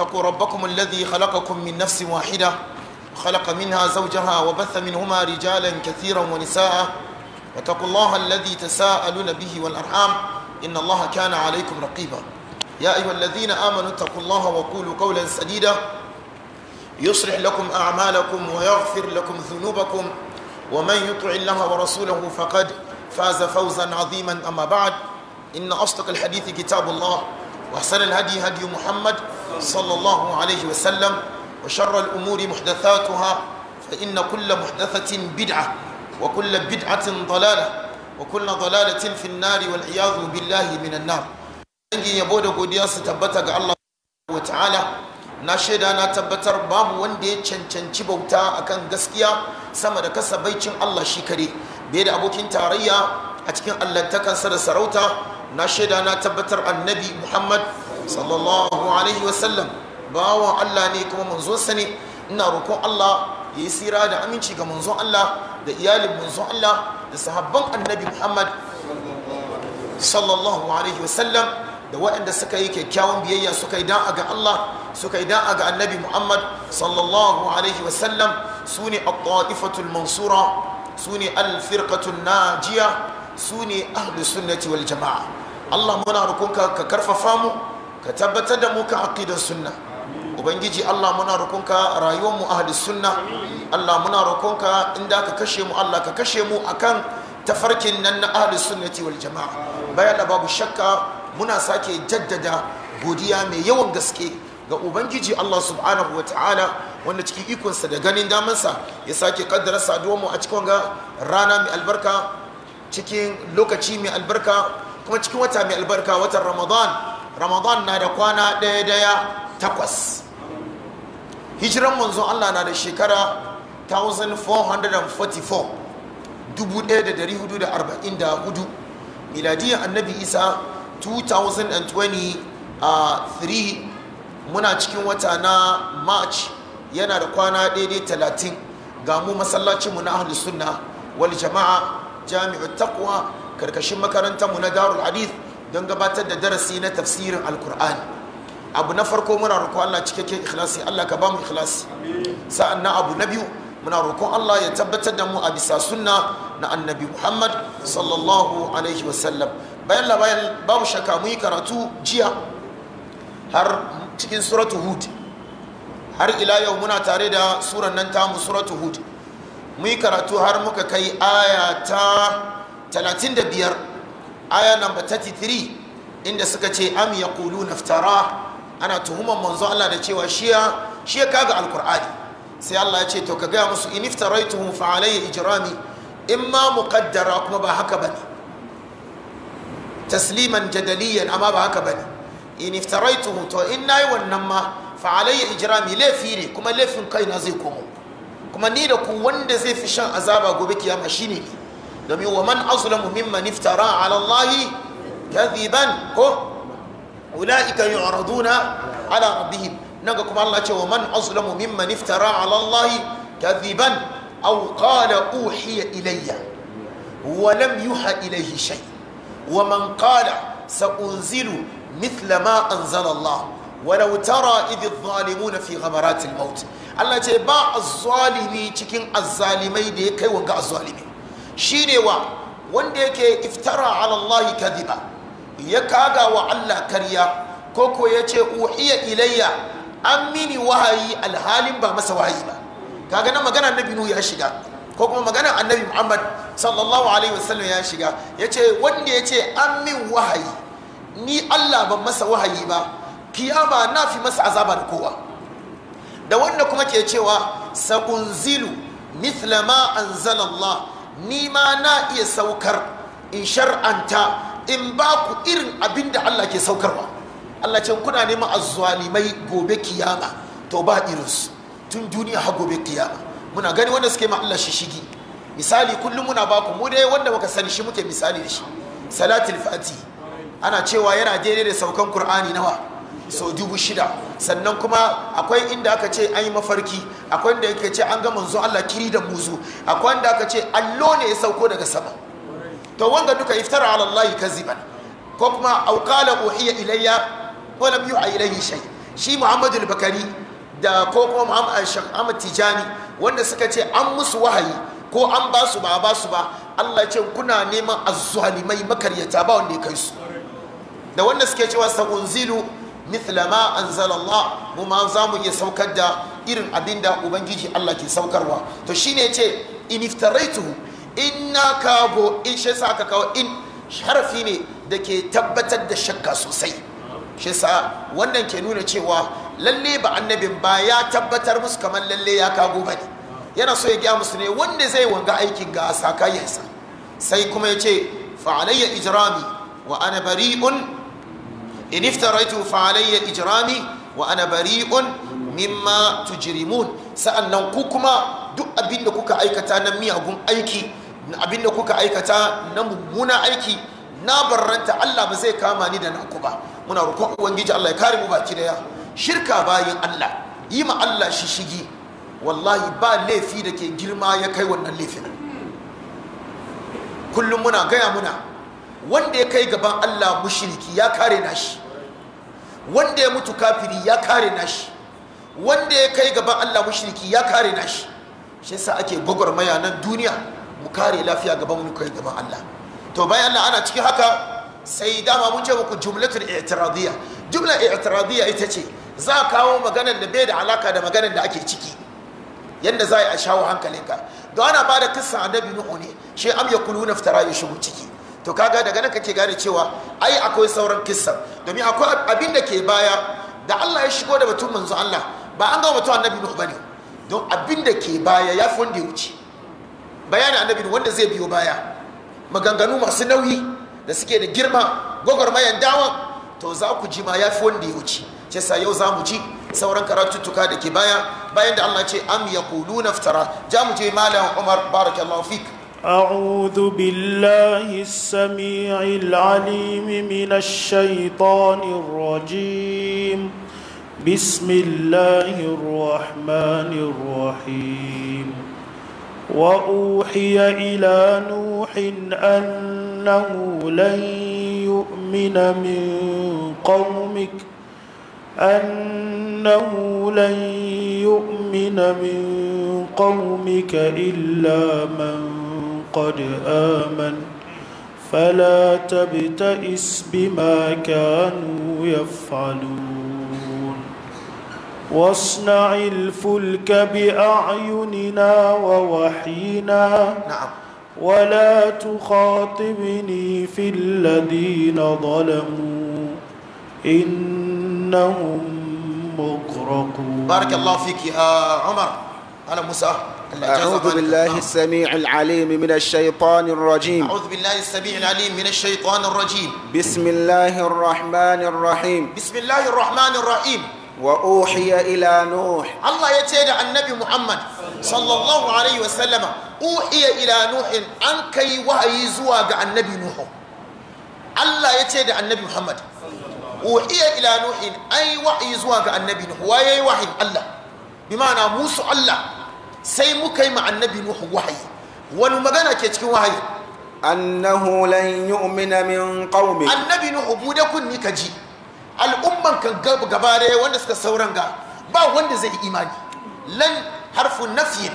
اتقوا ربكم الذي خلقكم من نفس واحدة خلق منها زوجها وبث منهما رجالا كثيرا ونساء واتقوا الله الذي تساءلون به والأرحام إن الله كان عليكم رقيبا يا أيها الذين آمنوا اتقوا الله وقولوا قولا سديدا يصلح لكم أعمالكم ويغفر لكم ذنوبكم ومن يطع الله ورسوله فقد فاز فوزا عظيما أما بعد إن أصدق الحديث كتاب الله وأحسن الهدي هدي محمد صلى الله عليه وسلم وشر الأمور محدثاتها فإن كل محدثة بدعة وكل بدعة ضلالة وكل ضلالة في النار والعياذ بالله من النار dangi yabo da godiya su tabbata ga Allah wa na shaida na tabbatar babu wanda ya cancanci bauta akan gaskiya sama da kasabaicin Allah shi kare da abokin tarayya a cikin allantakansa da sarauta na shaida na tabbatar annabi muhammad sallallahu alaihi wasallam bawan allah ne kuma manzonsa ne ina roƙon allah ya yi sira da aminci ga manzon allah da iyalin manzon allah da sahabban annabi muhammad sallallahu alaihi wasallam da waɗanda suka yi kyakkyawan biyayya suka yi da'a ga Allah suka yi da'a ga annabi Muhammad sallallahu alaihi wasallam su ne al-ta'ifatul mansura su ne al-firqatul najiya su ne ahli sunnati wal jama'a Allah muna rukunka ka karfafa mu ka tabbatar da mu kan aqidan sunna ubangiji Allah muna rukunka rayuwar mu ahli sunna Allah muna rukunka inda ka kashe mu Allah ka kashe mu akan tafarkin nan na ahli sunnati wal jama'a bayan da babu shakka muna sake jaddada godiya mai yawan gaske ga ubangiji Allah subhanahu wa ta'ala wanda cikin ikonsa da ganin damansa ya sake kaddara saduwar mu a cikin ga rana mai albarka cikin lokaci mai albarka kuma cikin wata mai albarka watan ramadan ramadan na da kwana ɗaya daya takwas hijiran manzon allah na da shekara 1444 1444 miladiyar annabi isa 2023 muna cikin wata na march yana da kwana daidai talatin ga mu masallacinmu na ahlus sunna wal jama'a jami'ut taqwa karkashin makarantarmu na darul hadith don gabatar da darasi na tafsirin alkur'ani abu na farko muna roƙon Allah cikakken ikhlasi Allah ka ba mu ikhlasi sa'an na abu na biyu muna roƙon Allah ya tabbatar da mu a bisa sunna na annabi Muhammad sallallahu alaihi wasallam bayan labayan babu shakka mu yi karatu jiya har cikin suratu hud har ila yau muna tare da suran nan tamu suratu hud mu yi karatu har muka kai aya ta 35 aya number 33 inda suka ce am yaqulu naftara ana tuhumar manzo Allah da cewa shiya shiya kaga alqur'ani sai Allah ya ce to ka gaya musu in fa alayya ijrami imma muqaddara kuma ba haka bane tasliman jadaliyan amma ba haka bane in tuhun to in nayi wannan ma fa alayya ijrami laifi ne kuma laifin kaina zai komo kuma ni da ku wanda zai fi shan azaba gobe kiyama shine ni domin wa man iftara ala ko ulaika yu'raduna ala rabbihim naga kuma Allah ce wa man azlamu mimman iftara ala allahi kadhiban uhiya ilayya wa lam yuha ilayhi shay wa man qala سأنزل مثل ما أنزل الله ولو ترى إذ الظالمون في غمرات الموت الله يقول cikin azalimai da ya kai كي وقع ne wa wanda yake iftara alallahi Allah ya kaga wa Allah karya ko ko yace uhiya ilayya an mini wahayi alhalin ba masa wahayi ba kaga na magana annabi nu ya shiga ko kuma magana annabi Muhammad sallallahu alaihi wasallam ya shiga ya ce wanda ya ce an min wahayi ni Allah ban masa wahayi ba kiyama na fi masa azaba da kowa da wanda kuma ke cewa sakunzilu mithla ma anzala ni ma na iya saukar in shar'anta in ba ku irin abin da Allah ke saukarwa Allah ce kuna neman azzalimai gobe kiyama to ba irinsu tun duniya ha gobe kiyama muna gani wanda suke ma Allah shishigi misali kullum muna ba ku mu dai wanda muka sani shi muke misali da shi salatul fati ana cewa yana daidai da saukan qur'ani nawa sau dubu shida sannan kuma akwai inda aka ce an yi mafarki akwai inda yake ce an ga manzo Allah kiri da muzu akwai inda aka ce allo ne ya sauko daga sama to wanga duka iftara ala Allah kaziban ko kuma aw qala uhiya ilayya wa lam yu'a ilayhi shay shi Muhammadu bakari da ko kuma Muhammad eh, Tijani wanda suka ce an musu wahayi ko an ba su ba ba su ba Allah ya ce kuna neman azzalimai makaryata ba wanda ya kai su da wanda suke cewa sa unzilu mithla ma anzalallah mu ma za mu iya saukar da irin abin da ubangiji Allah ke saukarwa to shine yace in iftaraituhu inna kago in shi sa ka kawo in harafi ne da ke tabbatar da shakka sosai shi sa wannan ke nuna cewa lalle ba annabin ba ya tabbatar musu kamar lalle ya kago ba yana so ya gaya musu ne wanda zai wanga aikin ga sakayensa sai kuma ya ce fa'alayya ijrami wa ana bari'un in iftaraitu fa ijrami wa ana bari'un mimma tujrimun sa'annan ku kuma duk abinda kuka aikata na miyagun aiki abinda kuka aikata na mummuna aiki na barranta Allah ba zai kama ni da naku ba muna roƙon ubangiji Allah ya kare mu baki daya shirka bayin Allah yi ma Allah shishigi wallahi ba laifi da ke girma ya kai wannan laifin kullum muna gaya muna wanda ya kai gaban Allah mushriki ya kare nashi wanda ya mutu kafiri ya kare nashi wanda ya kai gaban Allah mushriki ya kare nashi shi yasa ake gwagwarmaya nan duniya mu kare lafiya gaban mu kai gaban Allah to bayan Allah ana cikin haka sai dama mun ce muku jumlatul i'tiradiyya jumla i'tiradiyya ita ce za a kawo maganar da bai da alaka da maganar da ake ciki yanda za a shawo hankalinka don ana ba da kissan annabi nuhu ne shi am yakuluna fitara ya shigo ciki to kaga daga nan kake gane cewa ai akwai sauran kissa domin akwai abin da ke baya da Allah ya shigo da batun manzo Allah ba an ga batun annabi Nuhu bane don abin da ke baya ya fi wanda ya wuce bayanin annabi wanda zai biyo baya maganganu masu nauyi da suke da girma gwagwarmayan dawon to za ku ji ma ya fi wanda ya wuce ce sa yau za mu ji sauran karatuttuka da ke baya bayan da Allah ce am yaquluna iftara ja mu je malam Umar barakallahu fik أعوذ بالله السميع العليم من الشيطان الرجيم بسم الله الرحمن الرحيم وأوحي إلى نوح أنه لن يؤمن من قومك أنه لن يؤمن من قومك إلا من قد آمن فلا تبتئس بما كانوا يفعلون واصنع الفلك بأعيننا ووحينا نعم ولا تخاطبني في الذين ظلموا إنهم مغرقون بارك الله فيك يا عمر أنا موسى أعوذ بالله السميع العليم من الشيطان الرجيم أعوذ بالله السميع العليم من الشيطان الرجيم بسم الله الرحمن الرحيم بسم الله الرحمن الرحيم وأوحي إلى نوح الله يتيد عن النبي محمد صلى الله عليه وسلم أوحي إلى نوح أن كي وهي زواج عن النبي نوح الله يتيد عن النبي محمد أوحي إلى نوح أي وحي زواج عن النبي نوح وهي وحي الله بمعنى موسى الله sai muka yi ma nuhu wahayi wani magana ke cikin wahayi annahu lan yu'mina min qaumi annabi nuhu bude kunni ka ji al'umman kan gaba daya wanda suka sauran ga ba wanda zai imani lan harfu nafyin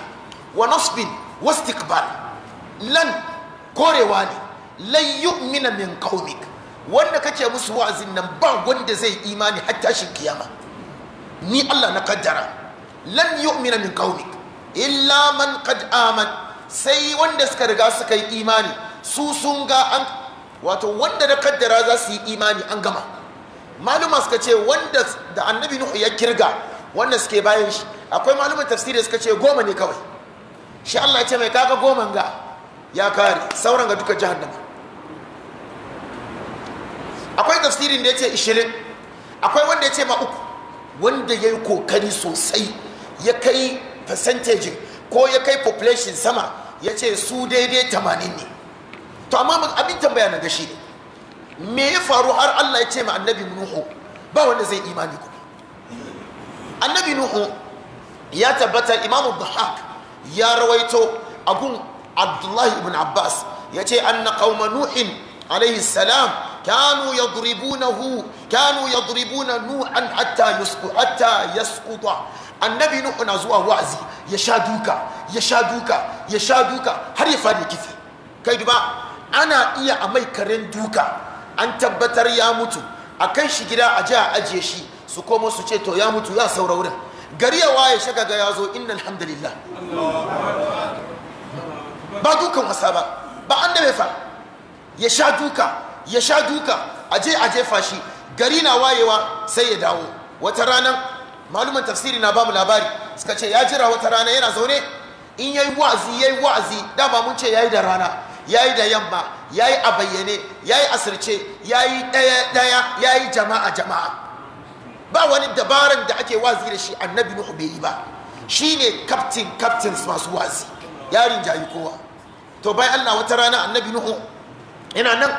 wa nasbin wa istiqbal lan korewa ne lan yu'mina min qaumik wanda kake musu wa'azin nan ba wanda zai imani hatta shi kiyama ni Allah na kaddara lan yu'mina min qaumik illa man qad aman sai wanda suka riga suka yi imani su sun ga an wato wanda da kaddara za su yi imani an gama maluma suka ce wanda da annabi nuhu ya kirga wanda suke bayan shi akwai malumin tafsiri suka ce goma ne kawai shi Allah ya ce mai kaga goman ga ya kare sauran ga duka jahannama akwai tafsirin da ya ce ishirin akwai wanda ya ce ma uku wanda ya yi kokari sosai ya kai percentage ko ya kai population sama ya ce su daidai tamanin ne to amma abin tambaya na gashi ne me ya faru har Allah ya ce ma annabi nuhu ba wanda zai imani ku annabi nuhu ya tabbatar imamu dhahak ya rawaito agun abdullahi ibn abbas ya ce anna qauma nuhin alaihi salam kanu yadribunahu kanu yadribuna nuhan hatta yasquta hatta yasquta annabi nuhu na zuwa wa'azi ya sha duka ya sha duka ya sha duka har ya fadi kifi kai duba ana iya a mai karen duka an tabbatar ya mutu a kan shi gida a ji a ajiye shi su komo su ce to ya mutu ya saura wurin gari ya waye shaga ya zo inna alhamdulillah ba dukan wasa ba ba an da fa ya sha duka ya sha duka a je a jefa shi gari na wayewa sai ya dawo wata ranar maluman tafsiri na bamu labari suka ce ya jira wata rana yana zaune in yayi wa'azi yayi wa'azi dama mun ce yayi da rana yayi da yamma yayi a bayyane yayi asirce yayi daya daya yayi jama'a jama'a ba wani dabaran da ake wa'azi da shi annabi nuhu bai yi ba shine captain captains masu wa'azi yarin jayi kowa to bai Allah wata rana annabi nuhu yana nan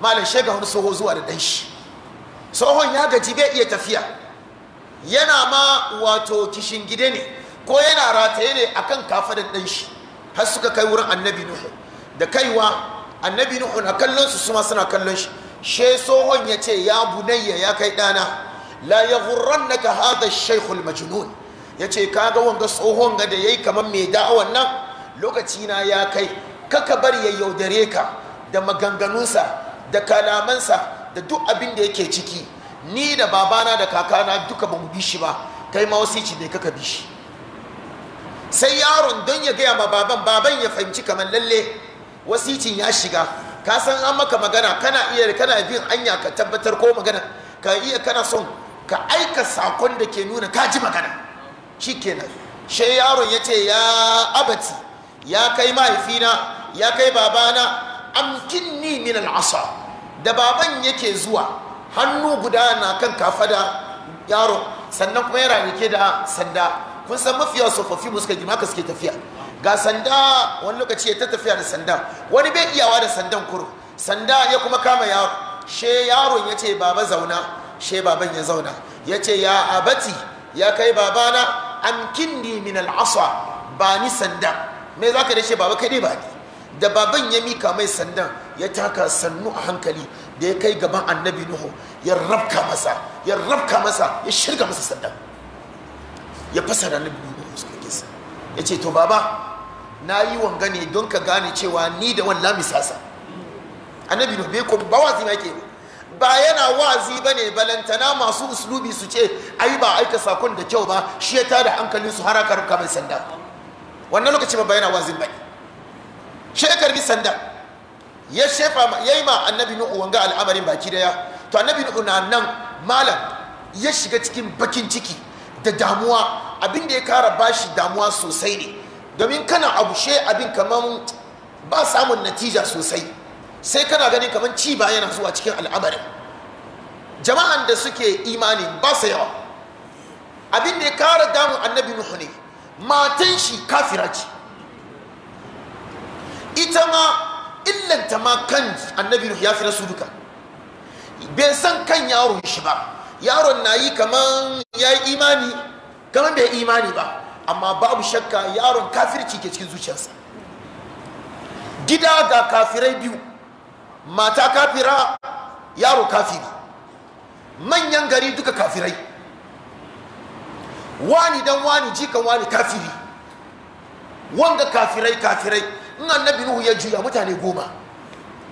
malam shega wani soho zuwa da dan shi sohon ya gaji bai iya tafiya yana ma wato kishin gida ne ko yana rataye ne akan kafadar ɗan shi har suka kai wurin annabi nuhu da kaiwa annabi nuhu na kallon su suma suna kallon shi she tsohon ya ce ya bunayya ya kai ɗana. la yaghurrannaka na ka shaykh al-majnun ka ga wanga tsohon ga da ya yi kamar mai da'awan nan lokaci na ya kai kaka bar ya yaudare ka da maganganunsa da kalamansa da duk abin da yake ciki ni da babana da kakana duka ba mu bi shi ba kai ma wasici ne kaka bi shi sai yaron don ya gaya ma baban baban ya fahimci kamar lalle wasicin ya shiga ka san an maka magana kana iya kana bin anya ka tabbatar ko magana ka iya kana son ka aika sakon da ke nuna ka ji magana Shi shikenan sai yaron ya ce ya abati ya kai mahaifina ya kai babana ni min al'asa da baban yake zuwa hannu guda na kan kafada yaro sannan kuma yana rike da sanda kun san mafiya tsofaffi ba suka girma suke tafiya ga sanda wani lokaci ya ta tafiya da sanda wani bai iyawa da sandan kuro sanda ya kuma kama yaro she yaron ya ce baba zauna she baban ya zauna ya ce ya abati ya kai babana an kindi min al'asa ba ni sanda me za ka da she baba kai ne ba ni da baban ya mika mai sandan ya taka sannu a hankali da ya kai gaban annabi nuhu ya rabka masa ya rabka masa ya shirga masa sanda ya fasa da annabi nuhu sa ya ce to baba na yi wanga ne don ka gane cewa ni da lami misasa annabi nuhu bai kuma ba wazi ma yake ba yana wazi ba ne balantana masu uslubi su ce ai ba aika sakon da kyau ba shi ya da hankalin su haraka aka mai sanda wannan lokacin ba yana wazi ba ne shi ya karbi sanda ya shefa ya yi ma annabi nuhu wanga al'amarin baki daya to annabi nuhu na nan malam ya shiga cikin bakin ciki da damuwa abin da ya kara bashi damuwa sosai ne domin kana abu she abin kamar ba samun natija sosai sai kana ganin kamar ci ba yana zuwa cikin al'amarin jama'an da suke imani ba sa yawa abin da ya kara damun annabi nuhu ne matan shi kafira ce ita ma illanta ma kan annabi ya fi nasu duka bai san kan yaron shi ba yaron na yi kaman ya yi imani kaman bai imani ba amma babu shakka yaron kafirci ke cikin zuciyarsa gida ga kafirai biyu mata kafira yaro kafiri manyan gari duka kafirai wani dan wani jikan wani kafiri wanga kafirai kafirai in annabi nuhu ya juya mutane goma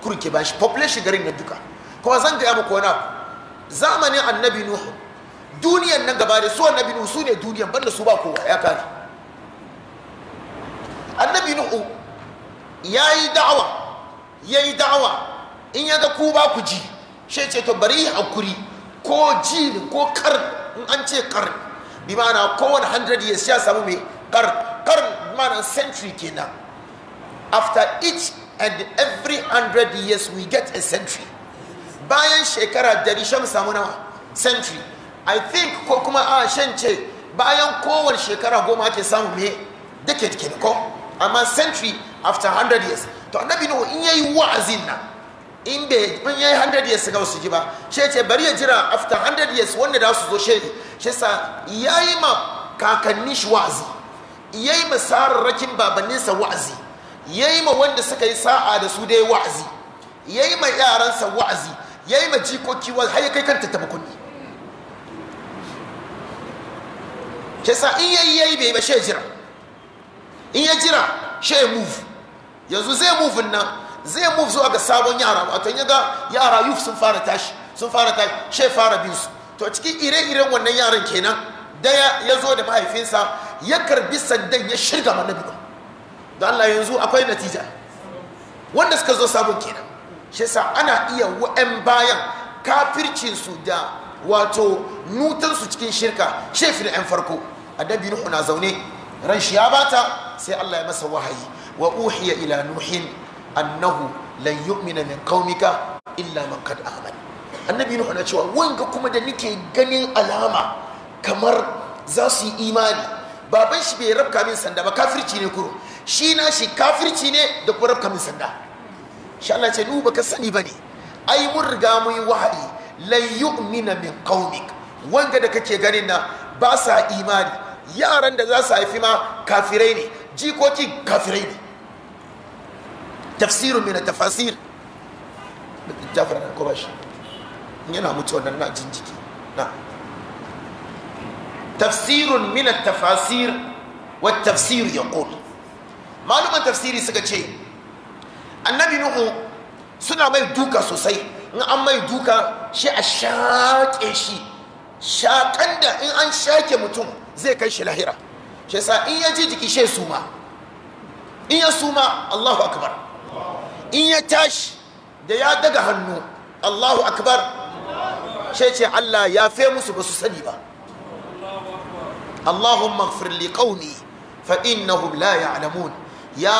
kurke ba shi population garin na duka kuma zan gaya muku wani zamanin annabi nuhu duniyan nan gaba da su annabi nuhu su ne duniyan banda su ba kowa ya kare annabi nuhu ya yi da'awa ya yi da'awa in ya ga ku ba ku ji shi ce to bari yi hakuri ko ji ko kar in an ce kar bi ma'ana kowane 100 years ya samu mai kar kar ma'ana century kenan after each and every hundred years we get a century bayan shekara dari shan samu nawa century i think ko kuma a shan ce bayan kowar shekara goma ake samu me decade ke ko amma century after hundred years to annabi nuhu in yayi wa'azin nan in bai in yayi hundred years ga su ji ba she ce bari ya jira after hundred years wanda da su zo she she sa yayi ma kakanni shi wa'azi yayi masararrakin babanninsa wa'azi ya yi ma wanda suka yi sa'a da su dai wa'azi ya yi ma yaransa wa'azi ya yi ma jikoki wa'azi har ya kai kanta taɓa kuɗi ke sa in yayi yayi bai ba shi jira in ya jira shi ya move yanzu zai move nan zai move zuwa ga sabon yara wato ya ga yara youth sun fara tashi sun fara tashi shi fara bin su to cikin ire-iren wannan yaran kenan daya ya zo da mahaifinsa ya karbi sandan ya shirga manabi ba da Allah yanzu akwai natija wanda suka zo sabon kenan shi sa ana iya wa'en bayan kafircinsu da wato nutansu cikin shirka shefi da 'yan farko annabi nuhu na zaune ran shi ya bata sai Allah ya masa wahayi wa uhiya ila nuhin annahu lan yu'mina min qaumika illa man qad amana annabi nuhu na cewa wanga kuma da nike ganin alama kamar za su yi imani baban shi bai rabka min sanda ba kafirci ne kuro shi na shi kafirci ne da kwarar kamun sanda shi Allah ce nuba ka sani ba ne. ai mun riga mu yi wahayi lan yu'mina min qaumik wanga da kake ganin na ba sa imani yaran da za su haifi ma kafirai ne jikoki kafirai ne tafsirun mina tafasir Jafar na kuma shi yana mutuwa nan na jin jiki na tafsirun min tafasir wa tafsir yaqul maluman tafsiri suka ce annabi nuhu suna mai duka sosai in an mai duka shi a shaƙe shi shaƙan da in an shaƙe mutum zai kai shi lahira shi sa in ya ji jiki shi suma in ya suma allahu akbar in ya tashi da ya daga hannu allahu akbar shi ce allah ya fe musu ba su sani ba allahumma gfir li qaumi fa innahum la ya'lamun ya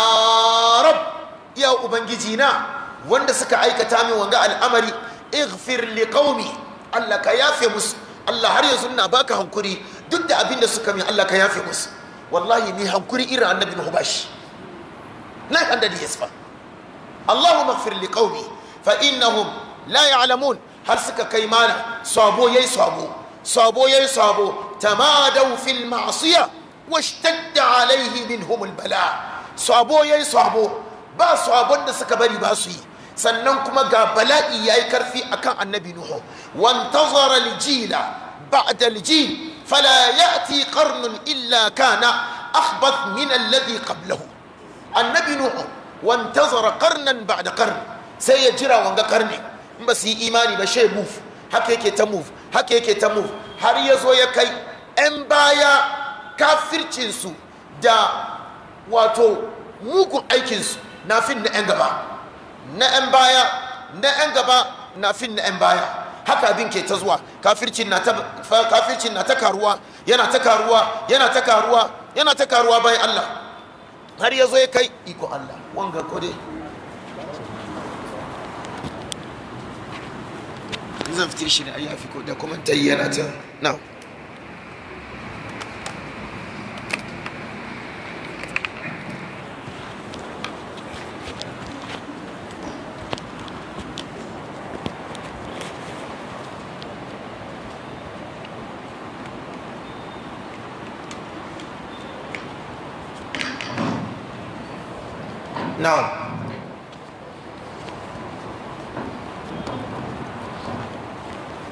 rab ya ubangiji na wanda suka aikata min wanga al'amari ighfir li qaumi Allah ka yafe musu Allah har yanzu na baka hankuri duk da abin da suka min Allah ka yafe musu wallahi ni hankuri irin annabi Nuhu bashi 900 years fa Allahumma ighfir li qaumi fa innahum la ya'lamun har suka kai mana sabo yayi sabo sabo yayi sabo tamadaw fil ma'siyah washtadda alayhi minhum al bala sabo yayi sabo ba sabon da suka bari ba su yi sannan kuma ga bala'i yayi karfi akan annabi nuhu wantazara aljila ba'da aljil fala qarnun illa kana akhbath min alladhi qablahu annabi nuhu wantazara qarnan da qarn sai ya jira wanga karni in ba su yi imani ba she move haka yake ta move haka yake ta move har ya zo ya kai 'yan baya kafircinsu da wato mugun aikinsu na fin na 'yan gaba na 'yan baya na 'yan gaba na fin na 'yan baya haka abin ke ta zuwa kafircin na ta karuwa yana ta karuwa yana ta karuwa yana ta karuwa bayan Allah har ya zo ya kai iko Allah wanga kode zan fitir shi ne a yafi ko da kuma tayyana ta na'u نعم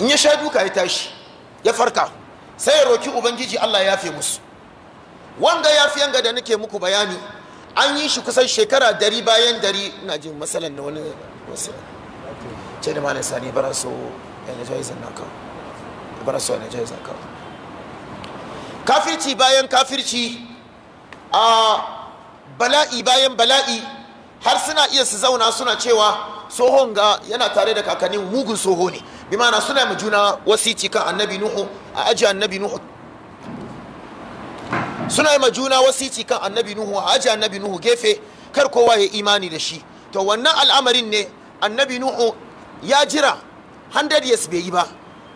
in ya sha duka ya tashi ya farka sai ya roki ubangiji Allah ya fi musu wanga ya fi yanga da nake muku bayani an yi shi kusan shekara dari bayan dari na jin matsalan da wani wasu ce da malam sani bara so yana jai zannan bara so yana jai kafirci bayan kafirci a bala'i bayan bala'i har suna iya su zauna suna cewa sohon ga yana tare da kakannin mugun tsoho ne bi ma'ana suna mu juna wasici kan annabi nuhu a aji annabi nuhu suna yi juna wasiti kan annabi nuhu a aji annabi nuhu gefe kar kowa ya imani da shi to wannan al'amarin ne annabi nuhu ya jira 100 years bai yi ba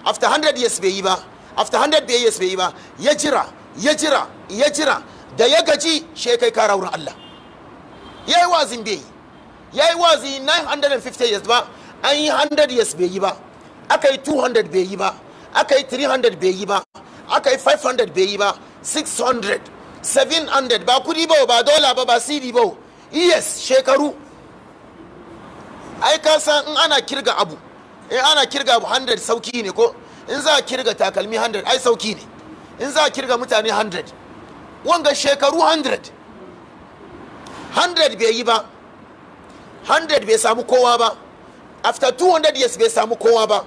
after 100 years bai yi ba after 100 years bai yi ba ya jira ya jira ya jira da ya gaji shekai kara wurin Allah ya yi wazin bai ya yi wazi 950 years ba an yi 100 years bai yi ba aka yi 200 bai yi ba aka yi 300 bai yi ba aka yi 500 bai yi ba 600 700 ba kudi ba ba dola ba ba siri ba yes shekaru ai ka san in ana kirga abu in ana kirga abu 100 sauki ne ko in za a kirga takalmi 100 ai sauki ne in za a kirga mutane 100 wanga shekaru 100 100 bai yi ba 100 bai samu kowa ba after 200 years bai samu kowa ba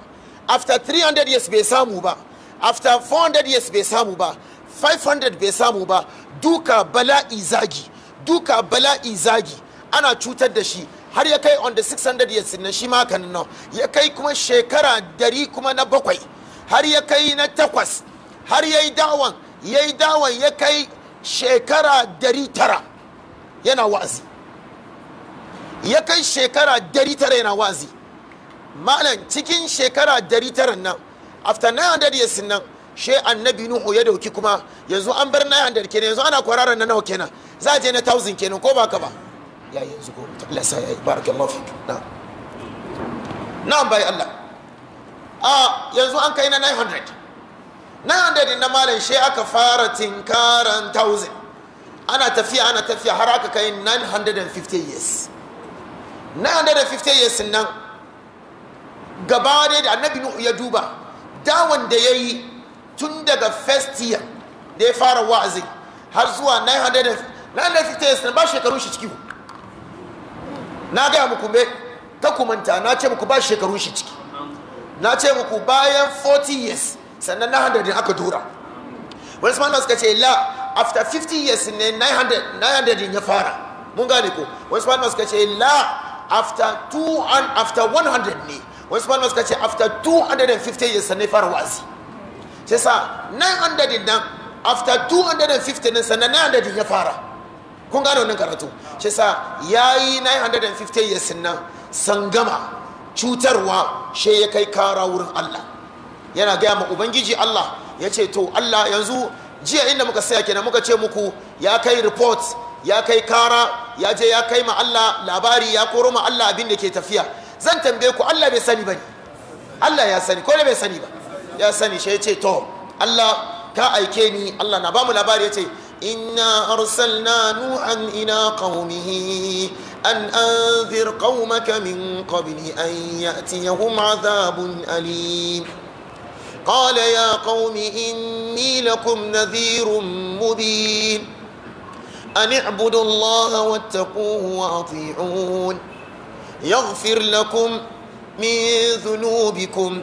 after 300 years bai samu ba after 400 years bai samu ba 500 bai samu ba duka bala'i zagi duka bala'i zagi ana cutar da shi har ya kai on the 600 years na shi makanin nan ya kai kuma shekara dari kuma na bakwai har ya kai na takwas har ya yi dawon ya yi dawon ya kai shekara dari tara yana wa'azi ya kai shekara dari tara yana wa'azi malam cikin shekara dari tara nan after 900 years nan she annabi nuhu ya dauki kuma yanzu an bar 900 kenan yanzu ana kwararan na nawa kenan za a je na 1000 kenan ko ba ka ba ya yanzu ko Allah sa yi barakallahu fik na na bai Allah a yanzu an kai na 900 900 na malam she aka fara tinkaran 1000 ana tafiya ana tafiya har aka kai 950 years 950 years nan gaba dai da annabi nuhu ya duba Da da ya yi tun daga first year da ya fara wa'azi har zuwa 950 years na ba shekaru shi ciki na gaya muku me ta kumanta na ce muku ba shekaru shi ciki na ce muku bayan 40 years sannan na 100 aka dora wani suka ce la after 50 years ne 900 900 ya fara mun gane ko wani spanish suka ce la after 2 and after 100 ne wani spanish suka ce after 250 years ne fara wazi sai sa 900 nan after 250 ne sannan 900 ya fara kun gane wannan karatu sai sa yayi 950 years nan sangama cutarwa she ya kai kara wurin Allah yana ga ma ubangiji Allah yace to Allah yanzu jiya inda muka saya kenan muka ce muku ya kai report ya kai kara ya je ya kai ma Allah labari ya koro ma Allah abin da ke tafiya zan tambaye ku Allah bai sani bane Allah ya sani ko bai sani ba ya sani shi ce to Allah ka aike ni Allah na bamu labari yace inna arsalna nuhan ila qaumihi an anzir qaumaka min qabli an ya'tiyahum azabun alim قال يا قوم إني لكم نذير مبين أن اعبدوا الله واتقوه وأطيعون يغفر لكم من ذنوبكم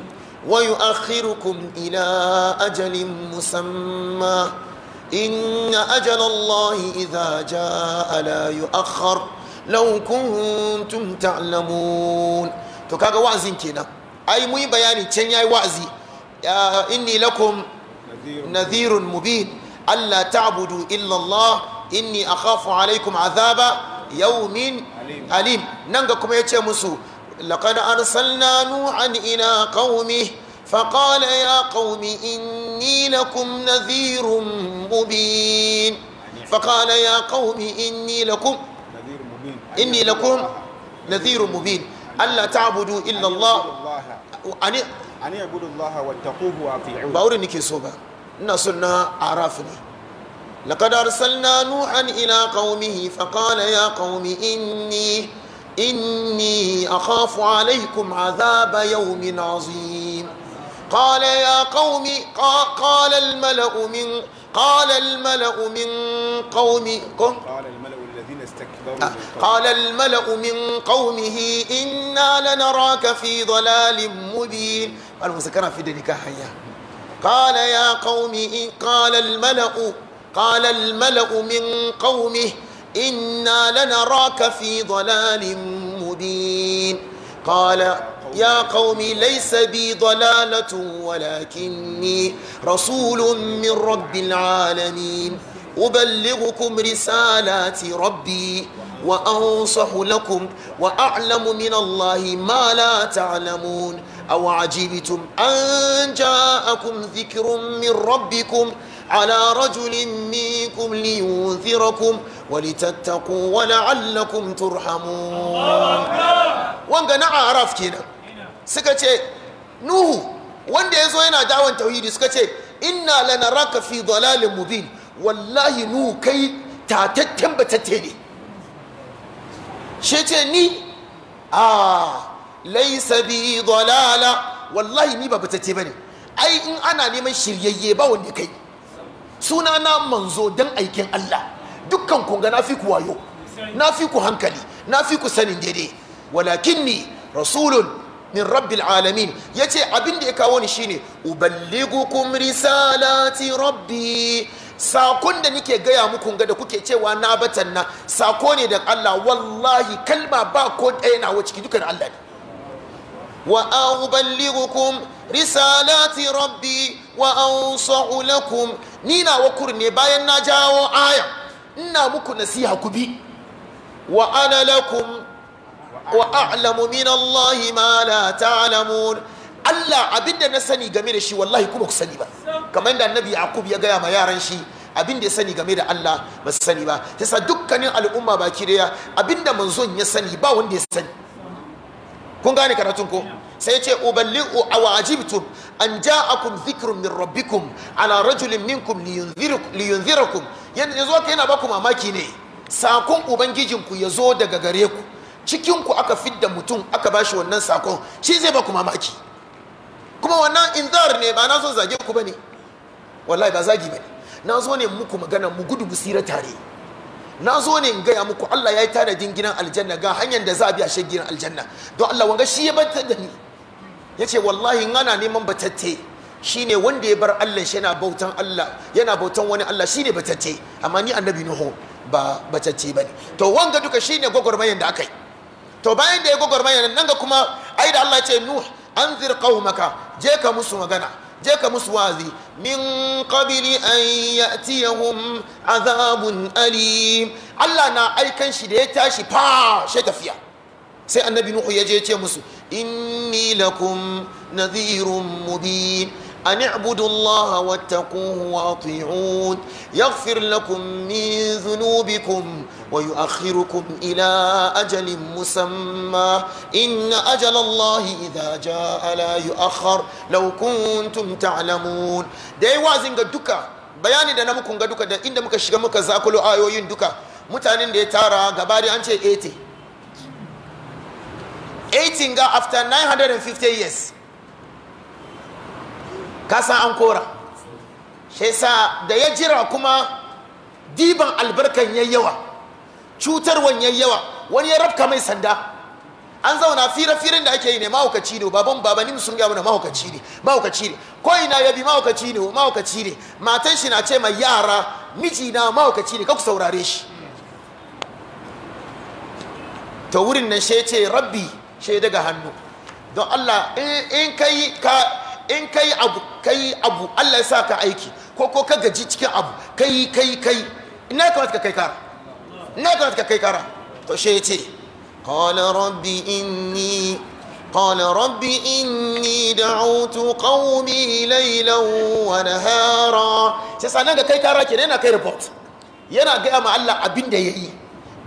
ويؤخركم إلى أجل مسمى إن أجل الله إذا جاء لا يؤخر لو كنتم تعلمون تكاغا kaga كينا أي مي بياني bayani وعزي inni lakum nadhirun mubin Allah ta'budu illa Allah inni akhafu alaikum azaba yawmin alim nan ga kuma yace musu laqad arsalna nu'an ila qaumi فقال يا قوم إني لكم نذير مبين فقال يا قوم إني لكم إني لكم نذير مبين ألا تعبدوا إلا الله أن يعبد الله واتقوه وأطيعوه باوري نيكي سوبا نسنا عرفني لقد أرسلنا نوحا إلى قومه فقال يا قوم إني إني أخاف عليكم عذاب يوم عظيم قال يا قوم قال الملأ من قال الملأ من قومكم قال الملأ الذين استكبروا قال الملأ من قومه إنا لنراك في ضلال مبين الوزكنا في ذلك هيا قال يا قومي قال الملأ قال الملأ من قومه إنا لنراك في ضلال مبين قال يا قومي ليس بي ضلالة ولكني رسول من رب العالمين أبلغكم رسالات ربي وأنصح لكم وأعلم من الله ما لا تعلمون أو عجبتم أن جاءكم ذكر من ربكم على رجل منكم لينذركم ولتتقوا ولعلكم ترحمون wanga na araf kenan suka ce nuhu wanda ya zo yana dawon tauhidi suka ce inna lanaraka fi dalalin mubin wallahi nuhu kai ta batatte ne shi ce ni a ah, laisa bi dalala wallahi ni ba batacce bane ai in ana neman shiryayye ba wanda kai suna na manzo dan aikin Allah dukkan kun ga nafi ku wayo nafi ku hankali nafi ku sanin daidai walakinni rasulun min rabbil alamin yace abin da ya kawo ni shine uballigukum risalati rabbi sakon da nike gaya muku ga da kuke cewa na batanna. sako ne da Allah wallahi kalma ba ko ɗaya nawa ciki dukkan Allah ne وأبلغكم risalati rabbi wa ansahu lakum ni na wakur ne bayan na jawo aya ina muku nasiha ku bi wa ana min Allah ma la na sani game da shi wallahi kuma ku sani ba kamar da annabi Yaqub ya gaya ma yaran shi abinda ya sani game da Allah ba sani ba yasa dukkanin al'umma baki daya abinda manzon ya sani ba wanda ya sani kun gane karatun ko sai ce uballi'u a ajibtum an ja'akum dhikrun min rabbikum ala rajulin minkum liyunzirakum yanzu ka yana baku mamaki ne sakon ubangijinku ya zo daga gare ku cikin ku aka fidda mutum aka bashi wannan sakon shi zai baku mamaki kuma wannan inzar ne ba na zo zage ku bane wallahi ba zagi bane na zo ne muku magana mu gudu mu tare na zo ne in gaya muku Allah ya yi tanadin gidan aljanna ga hanyar da za a bi a gidan aljanna don Allah wanga shi ya bata da ni ya ce wallahi ana neman batatte shi ne wanda ya bar Allah shi yana bautan Allah yana bautan wani Allah shi ne batatte amma ni annabi Nuhu ba batatte ba ne to wanga duka shi ne gwagwarmayan da aka yi to bayan da ya gwagwarmayan nan ga kuma ai da Allah ya ce Nuh anzir qaumaka je ka musu magana je ka musu wazi min qabili an ya'tiyahum azabun alim Allah na aikan shi da ya tashi fa tafiya sai annabi nuhu ya je ce musu inni lakum nadhirun mubin أن اعبدوا الله واتقوه وأطيعون يغفر لكم min ذنوبكم ويؤخركم إلى أجل مسمى إن أجل الله إذا جاء لا يؤخر لو كنتم تعلمون دي وازن دوكا bayani da na muku ga duka da inda muka shiga muka zakulo ayoyin duka mutanen da ya tara gaba da an ce 80 80 ga after 950 years kasan an kora shi da ya jira kuma diban albarkan yayi yawa cutarwan yayi yawa wani ya rafka mai sanda an zauna fira firin da ake yi ne mahaukaci ne baban babanin sun gaya mana mahaukaci ne mahaukaci ne ko ina ya bi mahaukaci ne mahaukaci ne matan shi na ce mai yara miji na mahaukaci ne kaku saurare shi ta wurin nan shi ce rabbi shi daga hannu don Allah in kai ka in kai abu kai abu Allah ya sa ka aiki ko ko ka gaji cikin abu kai kai kai ina kamata ka kai kara ina ka ka kai kara to shi yace qala rabbi in ni da inni da'utu qaumi laylan wa sai sanan kai kara kenan yana kai report yana ga ma Allah abin da yayi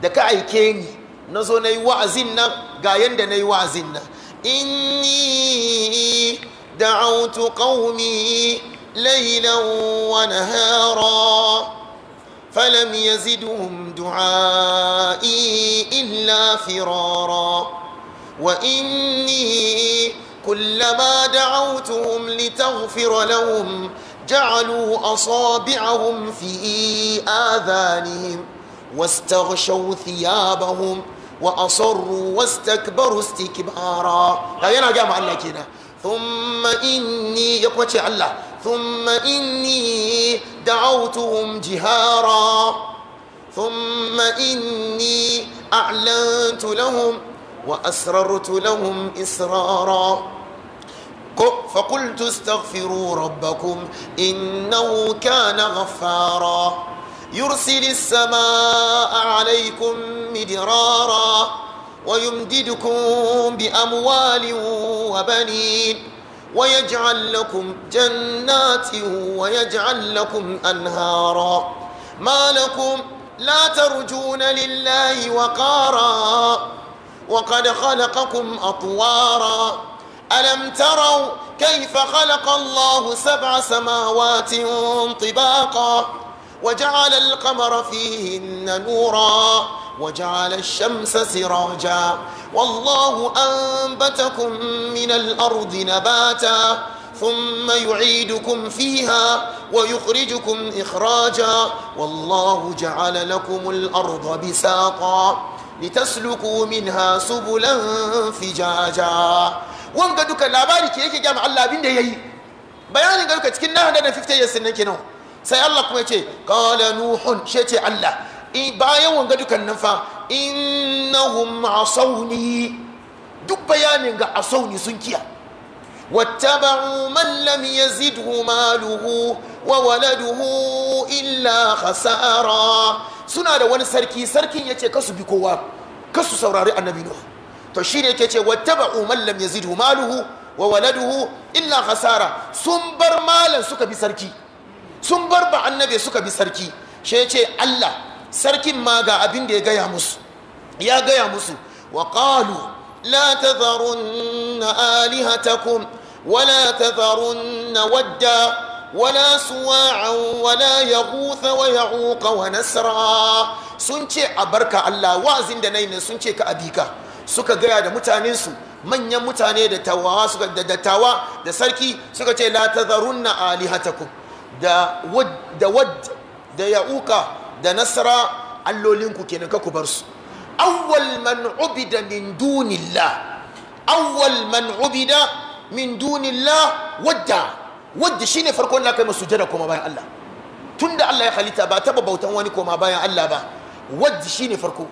da ka aike ni na zo na yi wa'azin nan ga yanda na yi wa'azin nan inni da'utu qaumi laylan wa nahara فلم يزدهم دعائي إلا فرارا وإني كلما دعوتهم لتغفر لهم جعلوا أصابعهم في آذانهم واستغشوا ثيابهم وأصروا واستكبروا استكبارا لا ينا جامع الله كنا ثم إني يقوى الله ثم إني دعوتهم جهارا ثم إني أعلنت لهم وأسررت لهم إسرارا فقلت استغفروا ربكم إنه كان غفارا يرسل السماء عليكم مدرارا ويمددكم بأموال وبنين ويجعل لكم جنات ويجعل لكم أنهارا ما لكم لا ترجون لله وقارا وقد خلقكم أطوارا ألم تروا كيف خلق الله سبع سماوات طباقا وجعل القمر فيهن نورا وجعل الشمس سراجا والله أنبتكم من الأرض نباتا ثم يعيدكم فيها ويخرجكم إخراجا والله جعل لكم الأرض بساطا لتسلكوا منها سبلا فجاجا wanga duka labari ke yake gama Allah Binda da yayi bayanin ga duka cikin 950 years nan kenan sai Allah kuma yace qala nuhun shi ce Allah bayan wanga dukan nan fa innahum asawni duk bayanin ga asawni sun kiya wattaba'u man lam yazidhu maluhu wa waladuhu illa khasara suna da wani sarki sarkin yace kasu bi kowa kasu saurari annabi nuhu to shine yake ce wattaba'u man lam yazidhu maluhu wa waladuhu illa khasara sun bar malan suka bi sarki sun bar ba annabi suka bi sarki shi yace Allah sarkin ma ga abin da ya gaya musu ya gaya musu wa qalu la tadharunna alihatakum wala ya ودا wa ya ولا wa nasara. Sun ce a barka Allah wa'azin da nayi ne sun ce ka abika suka gaya da mutanensu. manyan mutane da tawawa suka da dattawa da sarki suka ce la ta alihatakum na alihatakun da wadda da yauka da nasara allolinku kenan ka ku bar su awwal man ubida min dunillah awwal man ubida min dunillah wadda wadda shine farko Allah kai masu jada bayan Allah tunda Allah ya halitta ba taba bautan wani ma bayan Allah ba wadda shine farko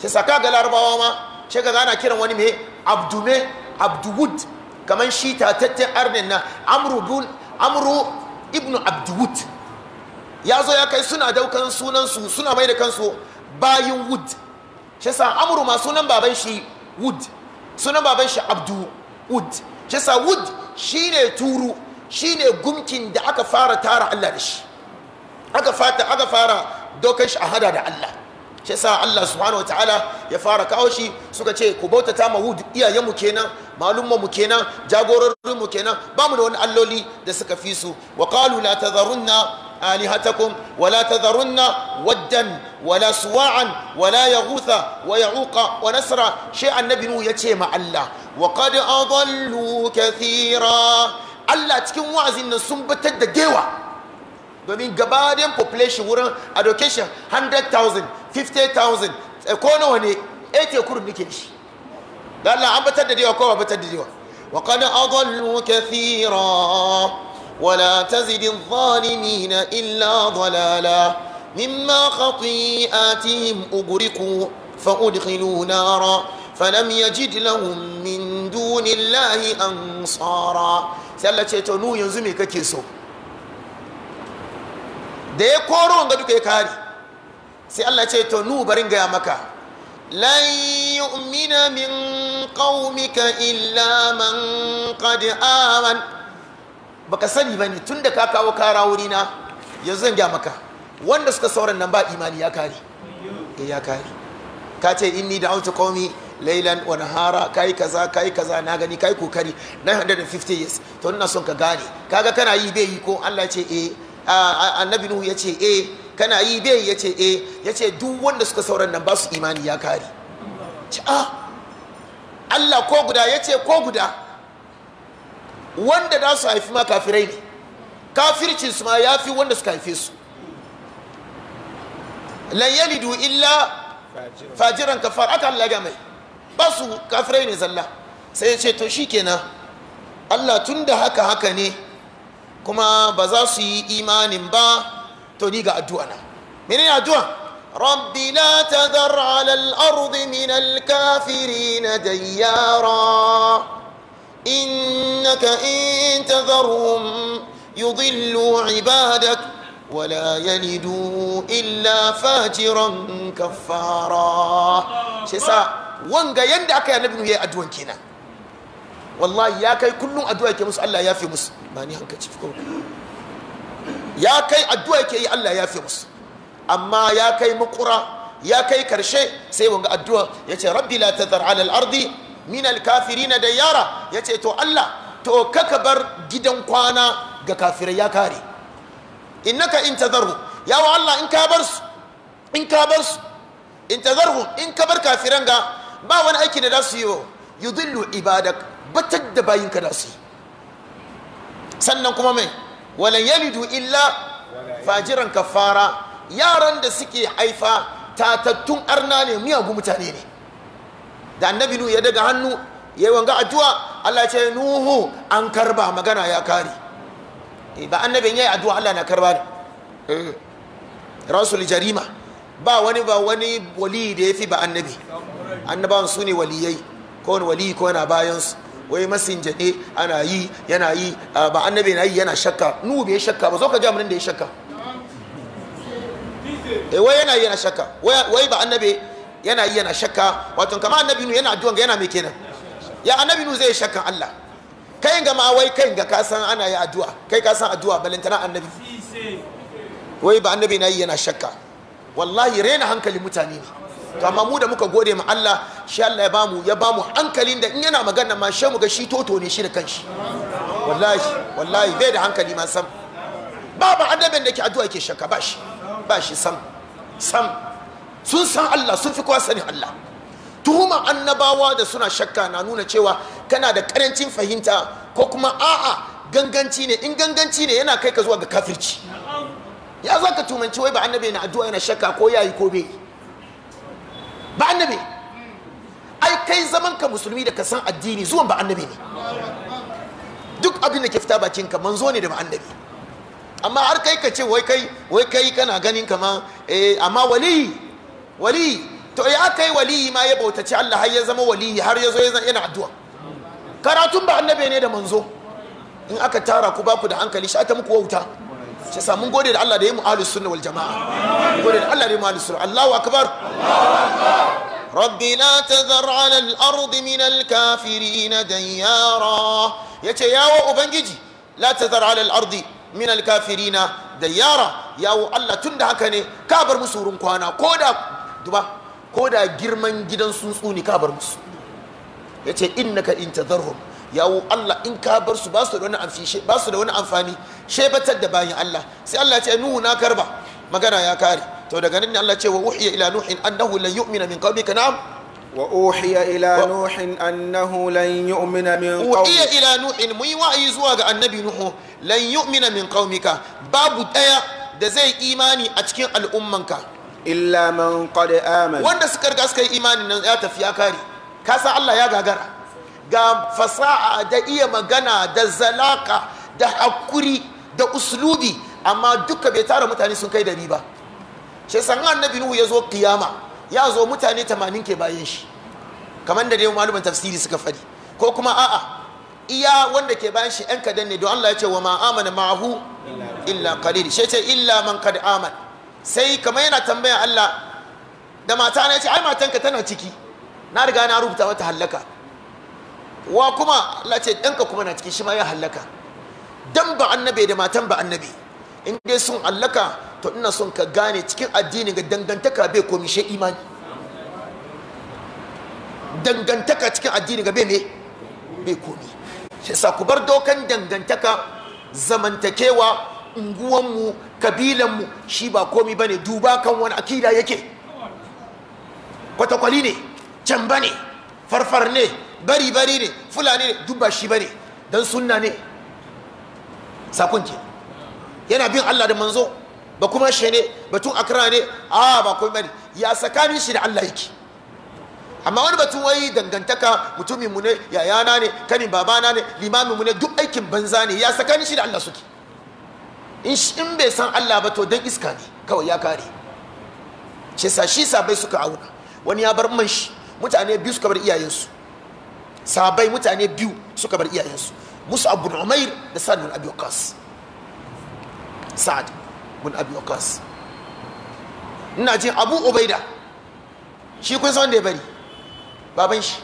sai saka ga larabawa ma sai ga ana kiran wani me abdume abduwud kaman shi ta arnin na amru ibnu abduwud ya zo ya kai suna daukan sunansu suna mai da kansu bayin wood shi sa amuru ma sunan baban shi wood sunan baban shi abdu wood shi sa wood ne turu Shi ne gumkin da aka fara tara Allah da shi aka fata aka fara dokan shi a hada da Allah shi sa Allah subhanahu ta'ala ya fara kawo shi suka ce ku bautata ma wud iyayen mu kenan malumma mu kenan jagororin mu kenan ba mu da wani alloli da suka fi su wa kalu la tazarunna آلهتكم ولا تذرن ودا ولا سواعا ولا يغوث ويعوق ونسرا شيء النبي نو يتي مع الله وقد أضلوا كثيرا الله تكون وعزين سنبت الدجوة domin gabaɗin population wurin education 100,000 50,000 ko nawa ne 80 kurun nike shi da Allah an batar da dewa ko ba da ولا تزد الظالمين إلا ضلالا مما خطيئاتهم أغرقوا فأدخلوا نارا فلم يجد لهم من دون الله أنصارا سألة تنو ينزمي كيسو da ya koro wanga duka ya kare sai Allah ce to nu barin gaya maka lan yu'mina min qaumika illa man qad aman baka sani bane tun da ka kawo kara wuri na yanzu zan gya maka wanda suka sauran nan ba imani ya kare eh ya kare ka ce inni da'awtu qaumi lailan wa nahara kai kaza kai kaza na gani kai kokari 950 years to ina son ka gane kaga kana yi bai yi ko Allah ce eh annabi nuhu ya ce eh kana yi bai ya ce eh ya ce duk wanda suka sauran nan ba su imani ya kare a ah. Allah ko guda ya ce ko guda wanda da su haifi ma kafirai ne kafircin su ma ya fi wanda suka haife su layyali du illa fajiran kafar aka Allah ga mai ba su kafirai ne zalla sai ya ce to shi kenan Allah tun da haka haka ne kuma ba za su yi imanin ba to ni ga addu'a na menene addu'a رب ala تذر على الأرض kafiri na dayyara إنك إن تذرهم يضلوا عبادك ولا يلدوا إلا فاجرا كفارا شسا وانغا يندا أكا نبنو يا أدوان كينا والله يا كي كل أدوان كي مسألة يا في مس باني هنك تشفكم يا كي أدوان كي الله يا في مس أما يا كي مقرأ ya kai karshe sai wanga addu'a yace rabbi la tadhar ala al-ardi minal kafirina da yara ya ce to Allah to kaka bar gidan kwana ga kafirai ya kare innaka in tazarhu yawa Allah in ka bar su in ka bar su in tazarhu in ka bar kafiran ga ba wani aiki da za su yi wa yudillu ibadak batar da bayinka da su yi sannan kuma mai walan yalidu illa fajiran kafara yaran da suke haifa tatattun arna ne miyagu mutane ne da annabi nu ya daga hannu ya yi wanga addu'a Allah ce nuhu an karba magana ya kari. Eh, ba annabin ya yi addu'a Allah na karba ne eh, rasul jarima ba wani ba wani wali da ya fi ba annabi annabawan su ne waliyai ko wani wali ko yana bayansu wai masinja ne ana yi yana yi ba annabi na yi yana shakka nuhu bai shakka ba zo ka jami'in da ya shakka eh, wai yana yi yana shakka wai ba annabi yana yi yana shakka wato kama annabi nu yana addu'a ga yana mai kenan ya annabi nu zai shakka Allah kai ga ma wai kai ga kasan ana yi addu'a kai kasan addu'a balantana annabi wai ba annabi na yi yana shakka wallahi rena hankali mutane ne to amma mu da muka gode ma Allah shi Allah ya bamu ya bamu hankalin da in yana magana ma shi mu ga shi toto ne shi da kanshi wallahi wallahi bai da hankali ma sam babu adabin da ke addu'a ke shakka ba shi ba shi sam sam sun san Allah sun fi kowa sanin Allah tuhuma annabawa da suna shakka na nuna cewa kana da karancin fahimta ko kuma a'a ganganci ne in ganganci ne yana kai ka zuwa ga kafirci ya za ka tumanci wai ba annabi na addu'a yana shakka ko yayi ko bai ba annabi ai kai zaman ka musulmi da ka san addini zuwan ba annabi ne duk abin da ke fita bakin ka manzo ne da ba annabi amma har kai ka ce wai kai wai kai kana ganin kama eh amma wali wali to ya kai wali ma ya bautaci Allah har ya zama wali har ya zo yana addu'a karatun ba annabi ne da manzo in aka tara ku ba ku da hankali shi ata muku wauta shi gode da Allah da ya mu ahlus sunna wal jamaa gode da Allah da ya mu ahlus sunna Allahu akbar Allahu akbar رب ce yawo ubangiji. الأرض من الكافرين ديارا يتي ياو أبنجي لا تذر على الأرض من الكافرين ديارا ياو bar mu كابر kwana ko da. duba ko da girman gidan sun tsuni ka bar musu ya ce innaka in tazarhum yawo Allah in ka bar su ba su da wani amfani ba su da wani amfani shebatar da bayan Allah sai Allah ya ce nuhu na karba magana ya kare to daga nan ne Allah ya ce wa uhiya ila nuhin annahu lan yu'mina min qawmika na'am wa uhiya ila nuhin annahu lan yu'mina min qawmika uhiya ila nuhin muyi wa'ayi zuwa ga annabi nuhu lan yu'mina min qawmika babu daya da zai imani a cikin al'ummanka illa man qad amana wanda suka riga suka yi imani nan ya tafi ya kare ka san Allah ya gagara ga fasaha da iya magana da zalaka da hakuri da uslubi amma duka bai tara mutane sun kai dari ba shi san annabi nuhu ya zo kiyama ya zo mutane 80 ke bayan shi kamar da dai malumin tafsiri suka fadi ko kuma a'a iya wanda ke bayan shi ɗan kadan ne don Allah ya ce wa ma ma'ahu illa qalil shi ce illa man qad amana sai kamar yana tambayan Allah da mata na ya ce ai matanka tana ciki na riga na rubuta mata hallaka wa kuma Allah ce ɗanka kuma na ciki shi ma ya hallaka dan ba annabi da matan ba annabi in dai sun hallaka to ina son ka gane cikin addini ga dangantaka bai komi shi imani dangantaka cikin addini ga bai me bai komi shi sa ku bar dokan dangantaka zamantakewa unguwanmu kabilanmu shi ba komi bane duba kan wani akida yake kwatakwali ne can ba ne farfar ne bari bari ne fulani ne shi ba ne don suna sunna ne sakon yana bin Allah da manzo ba kuma shi ne batun akira ne a ba komi bane ya sakanin shi da Allah yake amma wani batun wai dangantaka mutumin mu ne yayana ne kanin babana ne limamin mu ne duk aikin banza ne ya sakanin shi da Allah suke in bai san Allah ba to dan iska ne kawai ya kare shi sa shi sabai suka auna wani ya bar man shi mutane biyu suka bar iyayensu sabai mutane biyu suka bar iyayensu musu abu umair da sa'ad bin abi waqas sa'ad bin abi waqas ina jin abu ubaida shi kun san dai ya bari baban shi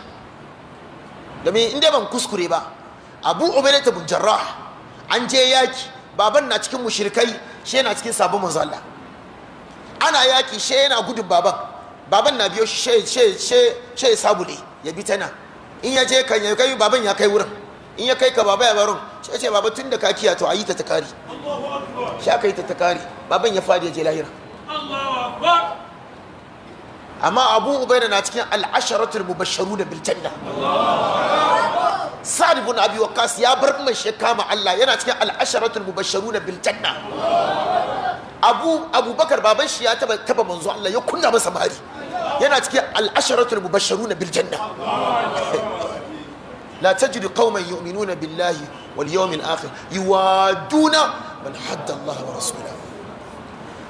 domin in dai ban kuskure ba abu ubaida ta bin jarrah an je yaki baban na cikin mushrikai shi yana cikin sabon manzo Allah ana yaki shi yana gudun baban baban na biyo shi shi shi shi ne ya bi tana in ya je kan ya kai baban ya kai wurin in ya kai ka baba ya barun shi ce baba tun da ka kiya to ayi ta takari shi aka yi ta takari baban ya fadi ya je lahira amma abu ubaida na cikin al'asharatul mubashsharu da biljanna sa'ad ibn abi waqas ya bar mai shekama Allah yana cikin al-asharatul mubashsharuna bil janna abu abubakar baban shi ya taba taba manzo Allah ya kunna masa mari yana cikin al-asharatul mubashsharuna bil janna La لا تجد قوما يؤمنون بالله واليوم الآخر يوادون من حد wa ورسوله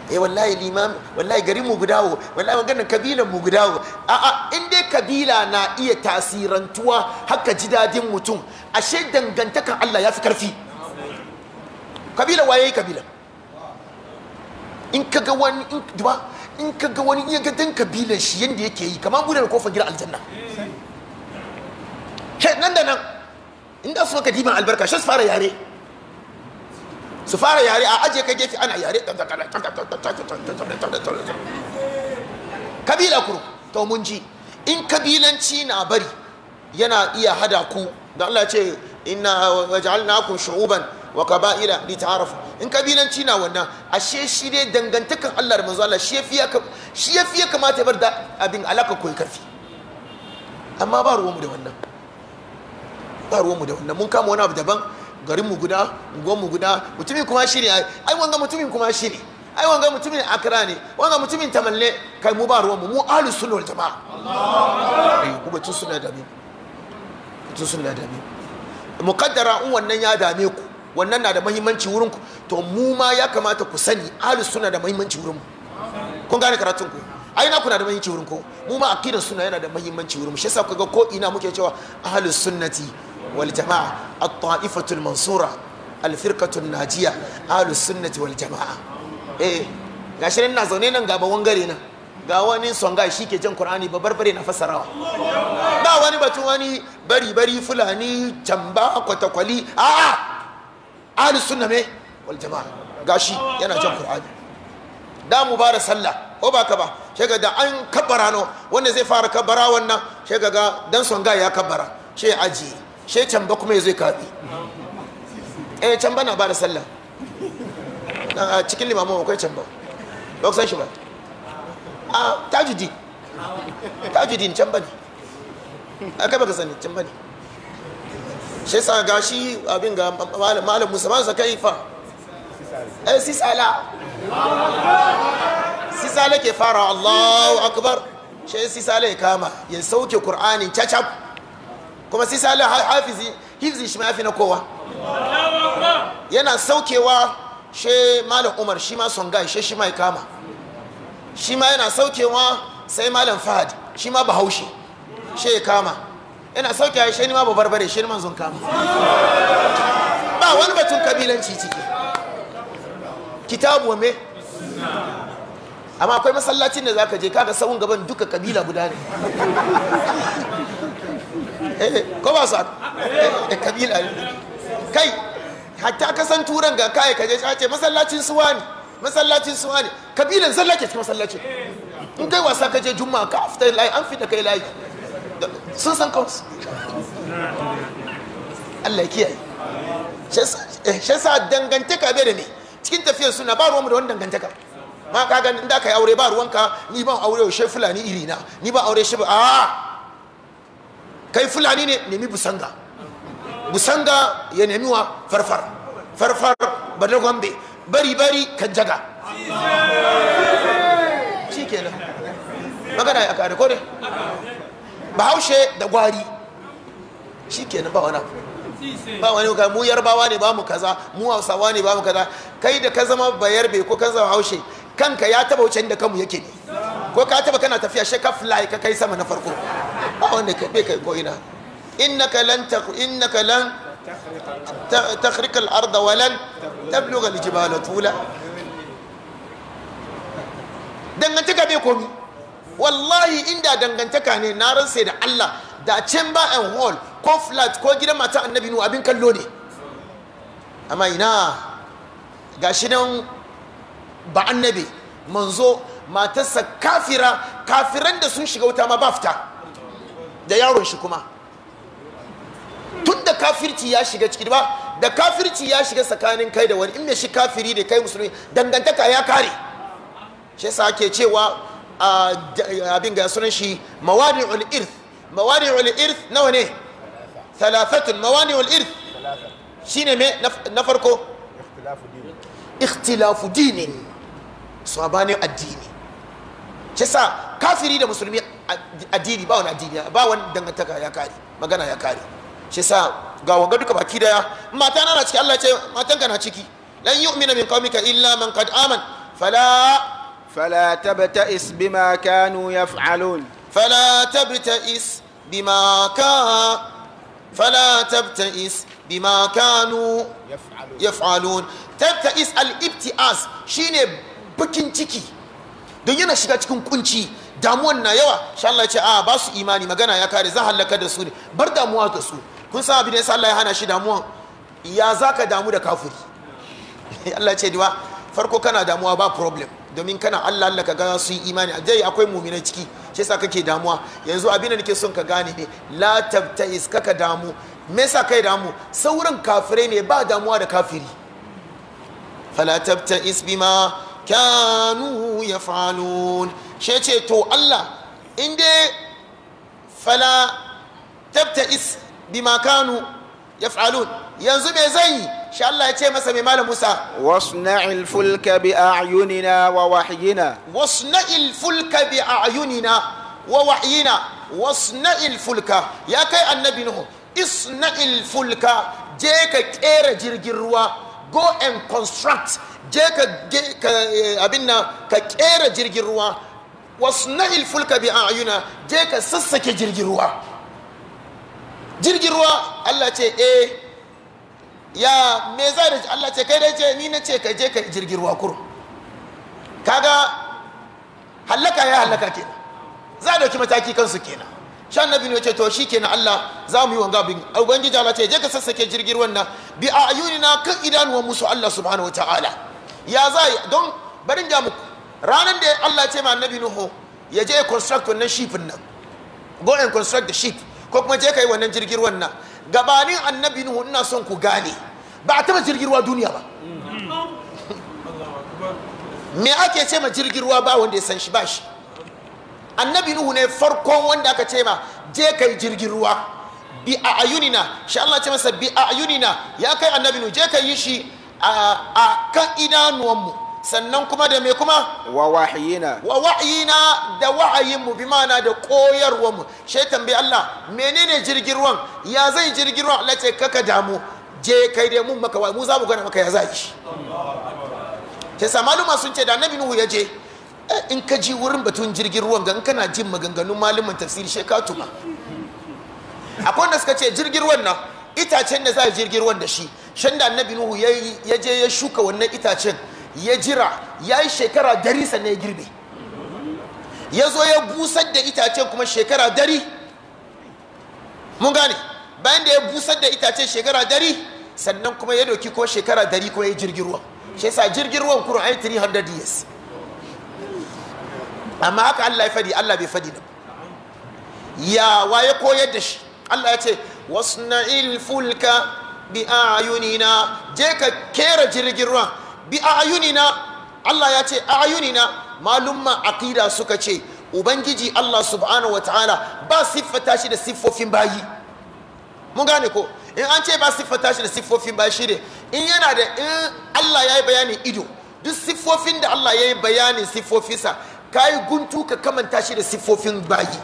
eh wallahi limam wallahi garin mu gudawo wallahi maganar kabilan mu gudawo a'a in dai kabila na iya tasirantuwa haka ji dadin mutum ashe dangantakan Allah ya fi karfi kabila waye kabila in kaga wani in duba in kaga wani iya ga dan kabilan shi yanda yake yi kamar bude da kofar gidan aljanna nan da nan in da su albarka shi su fara yare su fara yare a aje ka gefe ana yare kabila kuru to mun ji in kabilanci na bari yana iya hada ku da Allah ce inna waja'alnakum shu'uban wa qaba'ila ta'arafu. in kabilanci na wannan ashe shi ne dangantakan Allah da manzo Allah shi yafiya shi yafiya kamata bar da abin alaka koyi karfi amma ba ruwanmu da wannan ba ruwanmu da wannan mun kama wani abu daban garinmu guda unguwanmu guda mutumin kuma shi ne ai wanga mutumin kuma shi ne ai wanga mutumin akra ne wanga mutumin tamalle kai mu ba ruwanmu mu ahlus sunnah wal jamaa Allah eh, ku batun sunna da mu ku sunna da mu muqaddara un wannan ya dame ku wannan na da muhimmanci wurin ku to mu ma ya kamata ku sani ahlus sunna da muhimmanci wurin mu kun gane karatun ku ai na kuna da muhimmanci wurin ku mu ma akidar sunna yana da muhimmanci wurin mu shi yasa ga ko ina muke cewa ahlus sunnati wal jama'a at-ta'ifatul mansura al-firqatul najiya ahlus sunnati wal jama'a eh gashi nan zaune nan gaba wangare nan ga wani songa shi ke jan qur'ani ba barbare na fasarawa ba wani batun wani bari bari fulani camba kwatakwali a'a ahlus sunna me wal jama'a gashi yana jan qur'ani da mu bara sallah ko baka ba shega da an kabbara no wanda zai fara kabbara wannan shega ga dan songa ya kabbara she ajiye she can ba kuma ya zo kafi eh can ba na ba da sallah a cikin limamu akwai can ba ba ku san shi ba a tajudi tajudin can ba ne a kai baka sani can ba ne shi sa ga shi abin ga malam musamman ba sa kai fa eh sisala sisala ke fara allahu akbar shi sala ya kama ya sauke qur'anin cacab kuma sai salihu hafizi hifzi shi mafi na kowa yana saukewa she malam umar shi ma gai she shi ma kama shi ma yana saukewa sai malam fahad shi ma bahaushe she ya kama yana saukewa she ni ma babarbare she ni manzon kama ba wani batun kabilanci ciki kitabu me amma akwai masallacin da zaka je kaga sawun gaban duka kabila guda ne Eh, ko ba su eh, eh, kabila kai hatta ka san turan ga kai ka je ka ce masallacin suwa ne masallacin suwa ne kabilan sallake cikin masallacin in kai wasa ka je juma ka after layi an fita kai layi sun san kansu Allah ya kiyaye shi sa dangantaka bai da ne cikin tafiyar suna ba ruwan da wani dangantaka ma ka ga inda da ka yi aure ba ruwanka ni ban aure shi fulani ni irina ni ba aure shi ba a kai fulani ne nemi busanga busanga ya nemi wa farfar farfar bari gombe bari bari kan jaga shi nan magana ya kare kore bahaushe da gwari shi nan ba wani ba wani ka mu yarbawa ne ba mu kaza mu hausawa ne ba mu kaza kai da ka zama bayar bai ko ka zama haushe kanka ya taba wuce inda kanmu yake ne ko ka taba kana tafiya shi ka fly ka kai sama na farko wanda ka bai kai ko'ina innaka lan innaka lan takhriqa al-ardha wa lan tablugha al-jibala tula dangantaka bai komi wallahi inda dangantaka ne na ransa da Allah da chamber and hall ko flat ko gidan mata annabi nu abin kallo ne amma ina gashi nan ba annabi manzo matarsa kafira kafiran da sun shiga wuta ma ba fita da yaron shi kuma tun da kafirci ya shiga ciki ba da kafirci ya shiga tsakanin kai da wani in shi kafiri da kai musulmi dangantaka ya kare shi yasa ake cewa abin ga sunan shi ul irth ul irth nawa ne thalathatun ul irth shine me na farko ikhtilafu dinin sabanin addini shi sa. kafiri da musulmi addini ba wani addini ba wani dangantaka ya kare magana ya kare shi sa ga wanga duka baki daya mata na ciki Allah ce matan ka na ciki lan yu'mina min qaumika illa man qad aman fala fala tabta'is bima kanu yaf'alun fala tabta'is bima ka فلا تبتئس بما كانوا يفعلون تبتئس الابتئاس شيني bukin ciki. don yana shiga cikin kunci damuwan na yawa sha Allah ce a ah, ba su imani magana ya kare zan halaka da su ne bar damuwa da su kun san abin da yasa Allah ya hana shi damuwan ya za ka damu da kafiri Allah ce diwa farko kana damuwa ba problem domin kana Allah Allah ka ga su yi imani a dai akwai mu'minai ciki shi yasa kake damuwa yanzu abin da nake son ka gane ne la tabtais kaka damu me yasa kai damu sauran kafirai ne ba damuwa da kafiri fala tabtais bima kanu ya falun shi ce to Allah inda fala tabta is bima kanu ya falun yanzu me zan yi shi Allah ya ce masa mai malam Musa wasna'il fulka bi a'yunina wa wasu wasna'il fulka bi a'yunina wa wahyina wasna'il fulka ya kai annabi nuhu isna'il fulka je ka kera jirgin ruwa go and construct je ka eh, abin nan ka kera jirgin ruwa wasna'il fulka bi a'yuna je ka sassake jirgin ruwa jirgin ruwa Allah ce eh ya me za da Allah ce kai dai ce ni na ce ka je ka jirgin ruwa kuro kaga halaka ya halaka kenan za da ki mataki kansu kenan shi annabi ne ce to shi na Allah za mu yi wanga bin ubangiji Allah ce je ka sassake jirgin wannan bi ayunina kan idanuwan musu Allah subhanahu wataala ya za don barin ja muku ranar da Allah ce ma annabi Nuhu ya je construct wannan ship nan go and construct the ship ko kuma je ka yi wannan jirgin wannan gabanin annabi Nuhu ina son ku gane ba a taba jirgin ruwa duniya ba mm. me ake ce ma jirgin ruwa ba wanda ya san shi ba shi annabi nuhu ne farko wanda aka ce ma je kai jirgin ruwa bi a ayunina shi Allah ce masa bi a ayunina ya kai annabi nuhu je kai yi shi a kan idanuwanmu sannan kuma da me kuma wa wahayina wa wahayina da wa'ayinmu bi mana da koyarwanmu shi tambayi Allah menene jirgin ruwan ya zai jirgin ruwan Allah ce kaka damu je kai dai mun maka mu za mu gana maka ya zaki. sai sa maluma sun ce da annabi nuhu ya je Eh, in ka ji wurin batun jirgin ruwan gan kana jin maganganun malamin tafsiri she ka tuma akwai wanda suka ce jirgin ruwan nan itacen da za a jirgin ruwan da shi shan da annabi nuhu ya je ya shuka wannan itacen ya jira ya yi shekara dari sannan ya girbe ya zo ya busar da itacen kuma shekara dari mun gane bayan da ya busar da itacen shekara dari sannan kuma ya doki ko shekara dari kuma ya jirgin ruwan shi yasa jirgin ruwan kurun ai 300 years amma haka Allah ya fadi Allah bai fadi ba ya waye koyar da shi Allah ya ce wasna'il fulka bi ayunina je ka kera jirgin ruwa bi ayunina Allah ya ce ayunina malumma aqida suka ce ubangiji Allah subhanahu wataala ba siffata shi da siffofin bayi mun gane ko in an ce ba siffata shi da siffofin bayi shi ne in yana da in Allah ya yi bayanin ido duk siffofin da Allah ya yi bayanin siffofinsa ka yi guntu ka kamanta shi da siffofin bayi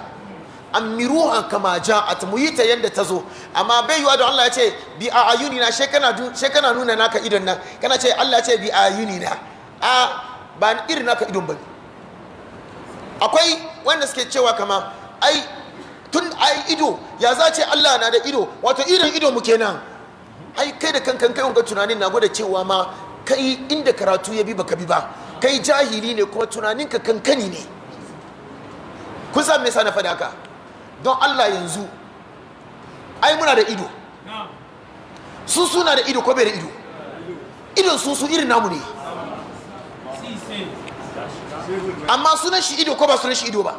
amiruha kama ja'at mu yi ta yanda ta zo amma bai yiwa da Allah ya ce bi a ayunina she kana she kana nuna naka idon nan kana ce Allah ya ce bi a na. a ba irin naka idon ba. akwai wanda suke cewa kama ai tun ai ido ya za ce Allah na da ido wato irin ido mu kenan ai kai da kankan kai wanga tunanin na gwada cewa ma kai inda karatu ya bi baka bi ba kai jahili ne kuma tunaninka kankani ne kun san me sa na fada ka don Allah yanzu ai muna da ido su suna da ido ko bai da ido idon su su irin namu ne amma suna shi ido ko ba suna shi ido ba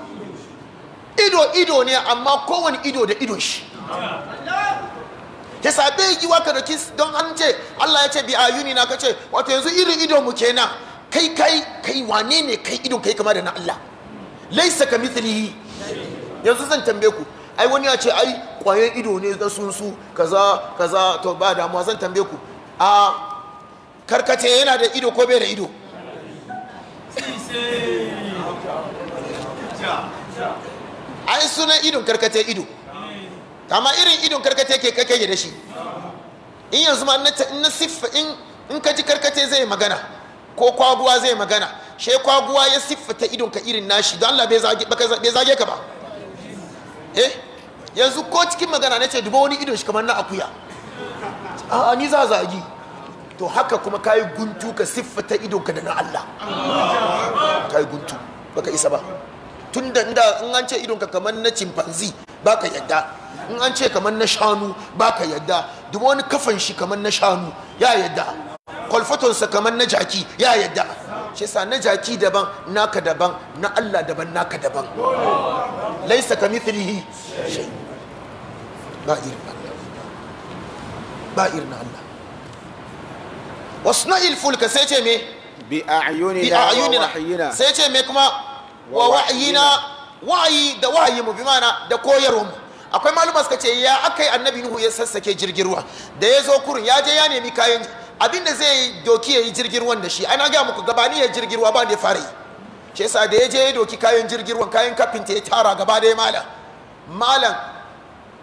ido ido ne amma kowane ido da idon shi ya sabe yi wa ka don an ce Allah ya ce bi ayuni na ka ce wato yanzu irin ido mu kenan kai kai kai wane ne kai idon kai kama da na Allah laisa ka mithlihi yanzu zan tambaye ku ai wani ya ce ai kwayan ido ne da su kaza kaza to ba damuwa zan tambaye ku a karkace yana da ido ko bai da ido ai sunan idon karkace ido amma irin idon karkace ke kake da shi in yanzu ma in na siffa in in ka ji karkace zai magana ko kwaguwa zai magana she kwaguwa ya siffata idon ka irin nashi don Allah bai zage ka ba eh yanzu ko cikin magana ce dubo wani idon shi kamar na akuya a ni za zagi to haka kuma ka yi guntu ka siffata idon ka da na Allah yi guntu baka isa ba tun da in an ce idon ka kamar na chimpanzee baka yadda in an ce kamar na shanu baka yadda dubo wani kafan shi kamar na shanu ya yadda kwalfatonsa kamar na jaki ya yadda shi sa na jaki daban naka daban na Allah daban naka daban laisa ka mithlihi shay ba irin Allah ba irin Allah wasna'il fulka sai ce me bi a'yunina sai ce me kuma wa wa'yina Wayi da wa'ayi mu bi mana da koyarwa mu akwai malumar suka ce ya akai annabi nuhu ya sassake jirgin ruwa da ya zo kurin ya je ya nemi kayan abinda zai doki ya yi jirgin ruwan da shi ana gaya muku gabani ya jirgin ruwa ba da ya fara yi shi yasa da ya je ya doki kayan jirgin ruwan kayan kafinta ya tara gaba da ya malam malam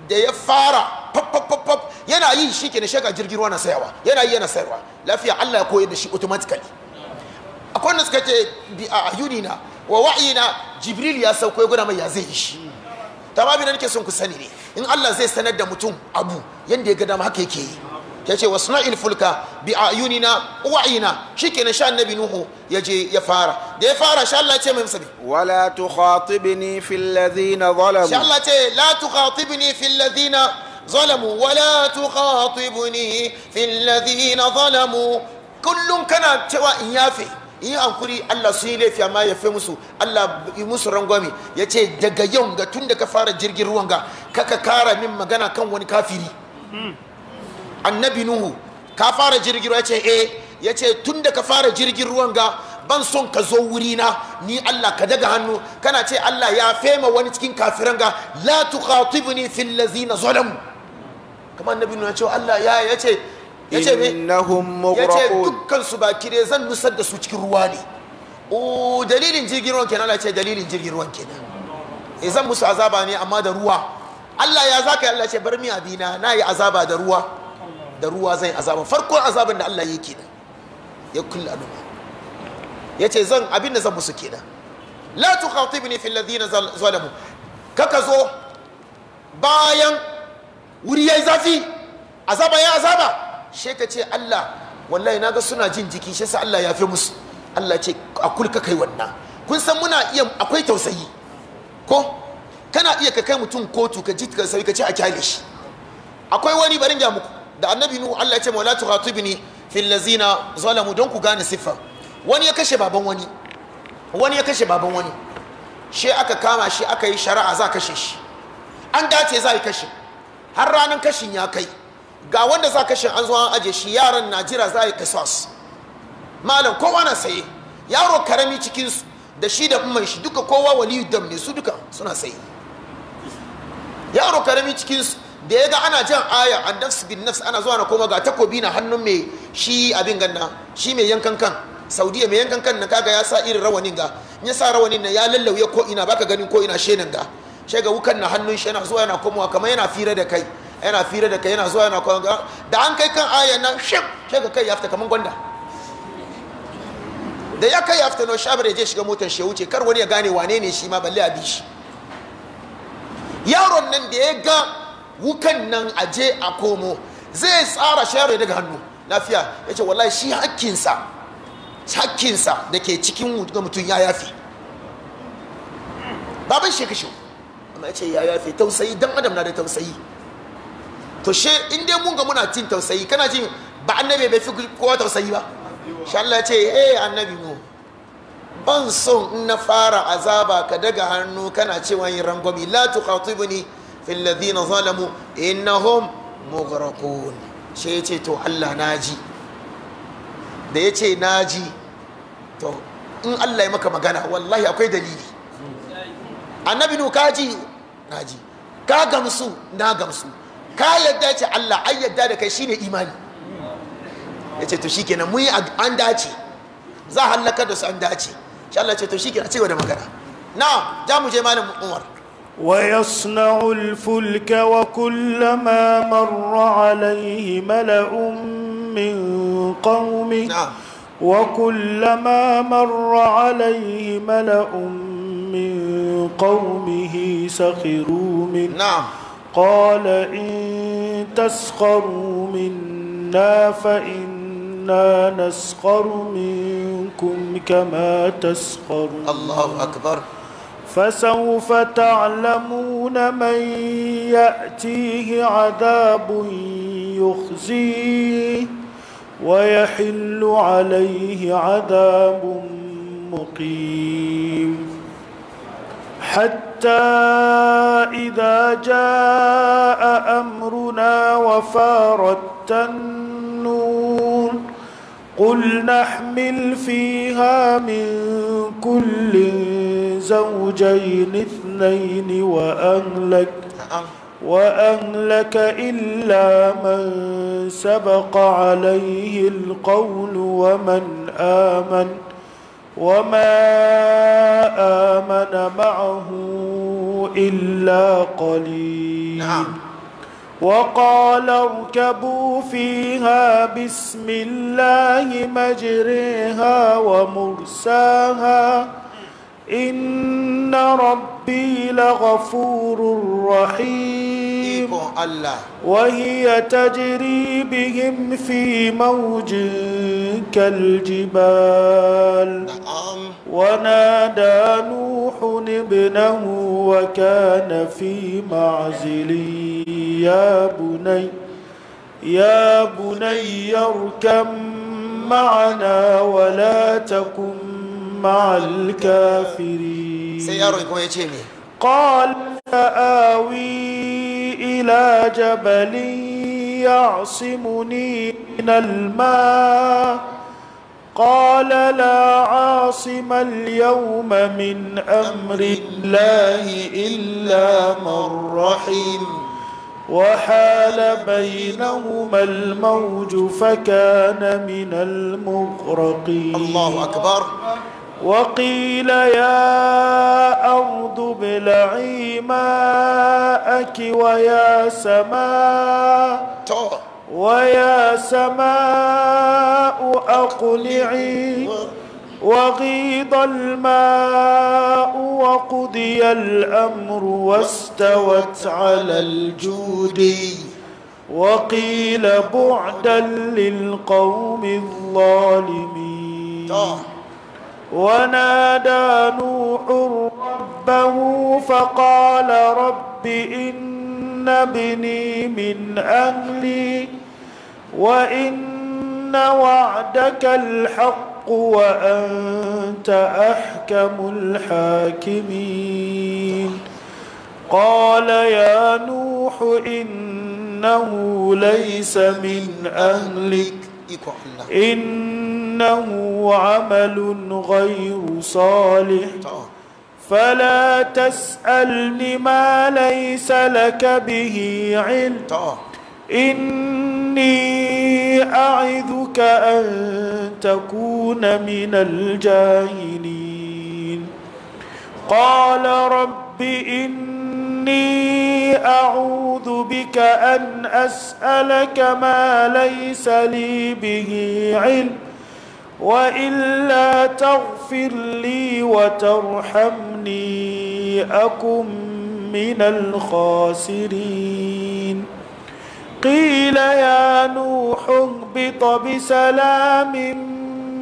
da ya fara fafafafaf yana yi shi ke na shaka jirgin ruwa na sayawa yana yi yana sayarwa lafiya Allah ya koyar da shi automatically akwai wanda suka ce a yuni na wa na jibril ya sauko ya gwada mai ya zai yi shi bi na nake son ku sani ne in Allah zai sanar da mutum abu yanda ya ga dama haka yake yi ya ce wasu na'il fulka bi a yunina wa'ina shi ke na sha nuhu ya je ya fara da ya fara sha Allah ce mai musabi wala tu khatibni fil ladhina zalamu sha Allah ce la tu khatibni fil ladhina zalamu wala tu khatibni fil ladhina zalamu kullum kana cewa in yafe in hankuri Allah sun yi laifi amma ya fi musu Allah yi musu rangwami ya ce daga yau ga tun da ka fara jirgin ruwan ga kaka kara min magana kan wani kafiri hmm. annabi nuhu ka fara jirgin ya ce eh ya ce tun da ka fara jirgin ruwan ga ban son ka zo wurina ni Allah ka daga hannu kana ce Allah ya fema wani cikin kafiran ga la tuqatibni fil ladina zalam kamar annabi nuhu ya ce Allah ya ya ce ya ce me innahum ya ce dukkan su baki dai zan nusar da su cikin ruwa ne o oh, dalilin jirgin ruwan kenan Allah ya ce dalilin jirgin ruwan kenan eh zan musu azaba ne amma da ruwa Allah ya zaka Allah ya ce bar mi abina na yi azaba da ruwa da ruwa zan azaba farkon azaban da Allah yake da ya kulla aluma ce zan abin da zan musu kenan la tukhatibni fil ladina zalamu kaka zo bayan wuri yayi zafi azaba ya azaba she ka ce Allah wallahi naga suna jin jiki shi sa Allah ya fi musu Allah ce a kulka kai wannan kun san muna iya akwai tausayi ko kana iya ka kai mutum kotu ka ji ka sai ka ce a kyale shi akwai wani barin ya muku da annabi nuhu Allah ya ce wala tukhatibni fil lazina zalamu don ku gane siffa wani ya kashe baban wani wani ya kashe baban wani shi aka kama shi aka yi shari'a za kashe shi an dace za yi kashe har ranar kashin ya kai ga wanda za kashe an zo an aje shi yaran najira za yi kasas malam kowa na saye yaro karami cikin su da shi da umman shi duka kowa waliyu dam ne su duka suna saye yaro karami cikin su da ya ga ana jan aya an nafs bin nafs ana zuwa na koma ga takobi na hannun mai shi abin ganna shi mai yankan kan saudiya mai yankan kan na kaga ya sa irin rawanin ga ya sa rawanin na ya lallauya ko ina baka ganin ko ina shenan ga ga wukan na hannun shi yana zuwa yana komawa kamar yana fira da kai yana fira da kai yana zuwa yana komawa da an kai kan aya na shim ga kai ya fita kamar gwanda da ya kai ya fita no shabar ya je shiga motar shi ya wuce kar wani ya gane wane ne shi ma balle a bi shi yaron nan da ya ga wukan nan a je a komo zai tsara share daga hannu lafiya ya ce wallahi shi hakkinsa hakkinsa da ke cikin wuga mutum ya yafi baban shi kashe amma ya ce ya yafi tausayi dan adam na da tausayi to she in dai mun ga muna cin tausayi kana jin ba annabi bai fi kowa tausayi ba shi Allah ya ce eh annabi mu ban son in na fara azaba ka daga hannu kana cewa yin rangwami la khatibuni fil na zalamu innahum shi ya ce to Allah na ji da ya ce na ji to in Allah ya maka magana wallahi akwai dalili annabi nu kaji ji ka gamsu na gamsu ka yadda ce Allah ai yadda da kai shine imani ya ce to shikenan mun an dace za halaka da su an dace shi Allah ya ce to a cewa da magana na ja mu je malam Umar ويصنع الفلك وكلما مر عليه ملا من قومه نعم. وكلما مر عليه ملا من قومه سخروا منه نعم قال إن تسخروا منا فإنا نسخر منكم كما تسخرون الله أكبر فسوف تعلمون من ياتيه عذاب يخزيه ويحل عليه عذاب مقيم حتى اذا جاء امرنا وفارت النور قل نحمل فيها من كل زوجين اثنين وأهلك وأهلك إلا من سبق عليه القول ومن آمن وما آمن معه إلا قليل نعم. وقال اركبوا فيها بسم الله مجريها ومرساها inna rabbi la ghafurur rahim ikon ya tajiri bihim fi mawjin kaljibal na'am wa nada nuhun ibnahu wa kana fi ma'zili ya bunay ya bunay yarkam ma'ana wa مع الكافرين قال فآوي إلى جبل يعصمني من الماء قال لا عاصم اليوم من أمر الله إلا من رحم وحال بينهما الموج فكان من المغرقين الله أكبر وقيل يا أرض ابلعي ماءك ويا سماء ويا سماء أقلعي وغيض الماء وقضي الأمر واستوت على الجود وقيل بعدا للقوم الظالمين ونادى نوح ربه فقال رب إن ابني من أهلي وإن وعدك الحق وأنت أحكم الحاكمين قال يا نوح إنه ليس من أهلك إنه عمل غير صالح فلا تسألني ما ليس لك به علم إني أعذك أن تكون من الجاهلين قال رب إني إني أعوذ بك أن أسألك ما ليس لي به علم وإلا تغفر لي وترحمني أكن من الخاسرين قيل يا نوح اهبط بسلام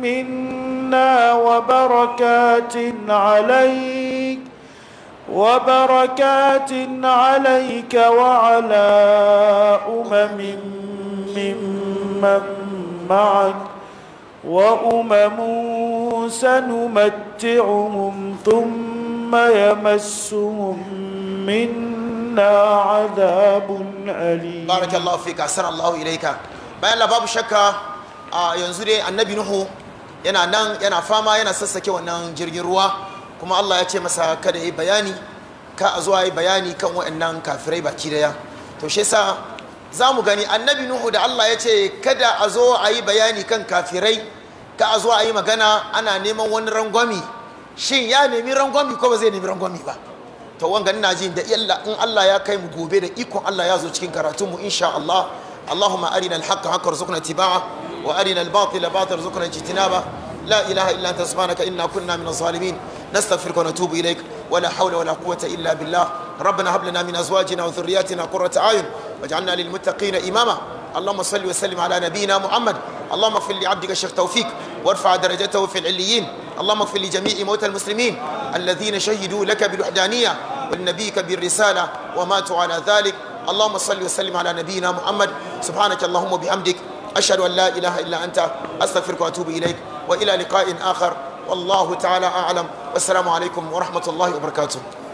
منا وبركات عليك وبركات عليك وعلى أمم ممن معك وأمم سنمتعهم ثم يمسهم منا عذاب أليم بارك الله فيك أحسن الله إليك bayan babu shakka a yanzu dai annabi nuhu yana nan yana fama yana sassake wannan jirgin ruwa kuma Allah ya ce masa kada yi bayani ka a zuwa yi bayani kan waɗannan kafirai baki daya to shi sa za mu gani annabi nuhu da Allah ya ce kada a zo a yi bayani kan kafirai ka a zuwa yi magana ana neman wani rangwami shin ya nemi rangwami ko ba zai nemi rangwami ba to wanga ina jin da in Allah ya kai mu gobe da ikon Allah ya zo cikin mu insha Allah اللهم أرنا الحق حقا ارزقنا اتباعه وأرنا الباطل باطل ارزقنا اجتنابه لا إله إلا أنت سبحانك kunna كنا من الظالمين نستغفرك ونتوب إليك ولا حول ولا قوة إلا بالله ربنا هب لنا من أزواجنا وذرياتنا قرة أعين واجعلنا للمتقين إماما اللهم صل وسلم على نبينا محمد اللهم اغفر لعبدك الشيخ توفيق وارفع درجته في العليين اللهم اغفر لجميع موتى المسلمين الذين شهدوا لك بالوحدانية ولنبيك بالرسالة وماتوا على ذلك اللهم صل وسلم على نبينا محمد سبحانك اللهم وبحمدك أشهد أن لا إله إلا أنت أستغفرك وأتوب إليك وإلى لقاء آخر والله تعالى أعلم والسلام عليكم ورحمة الله وبركاته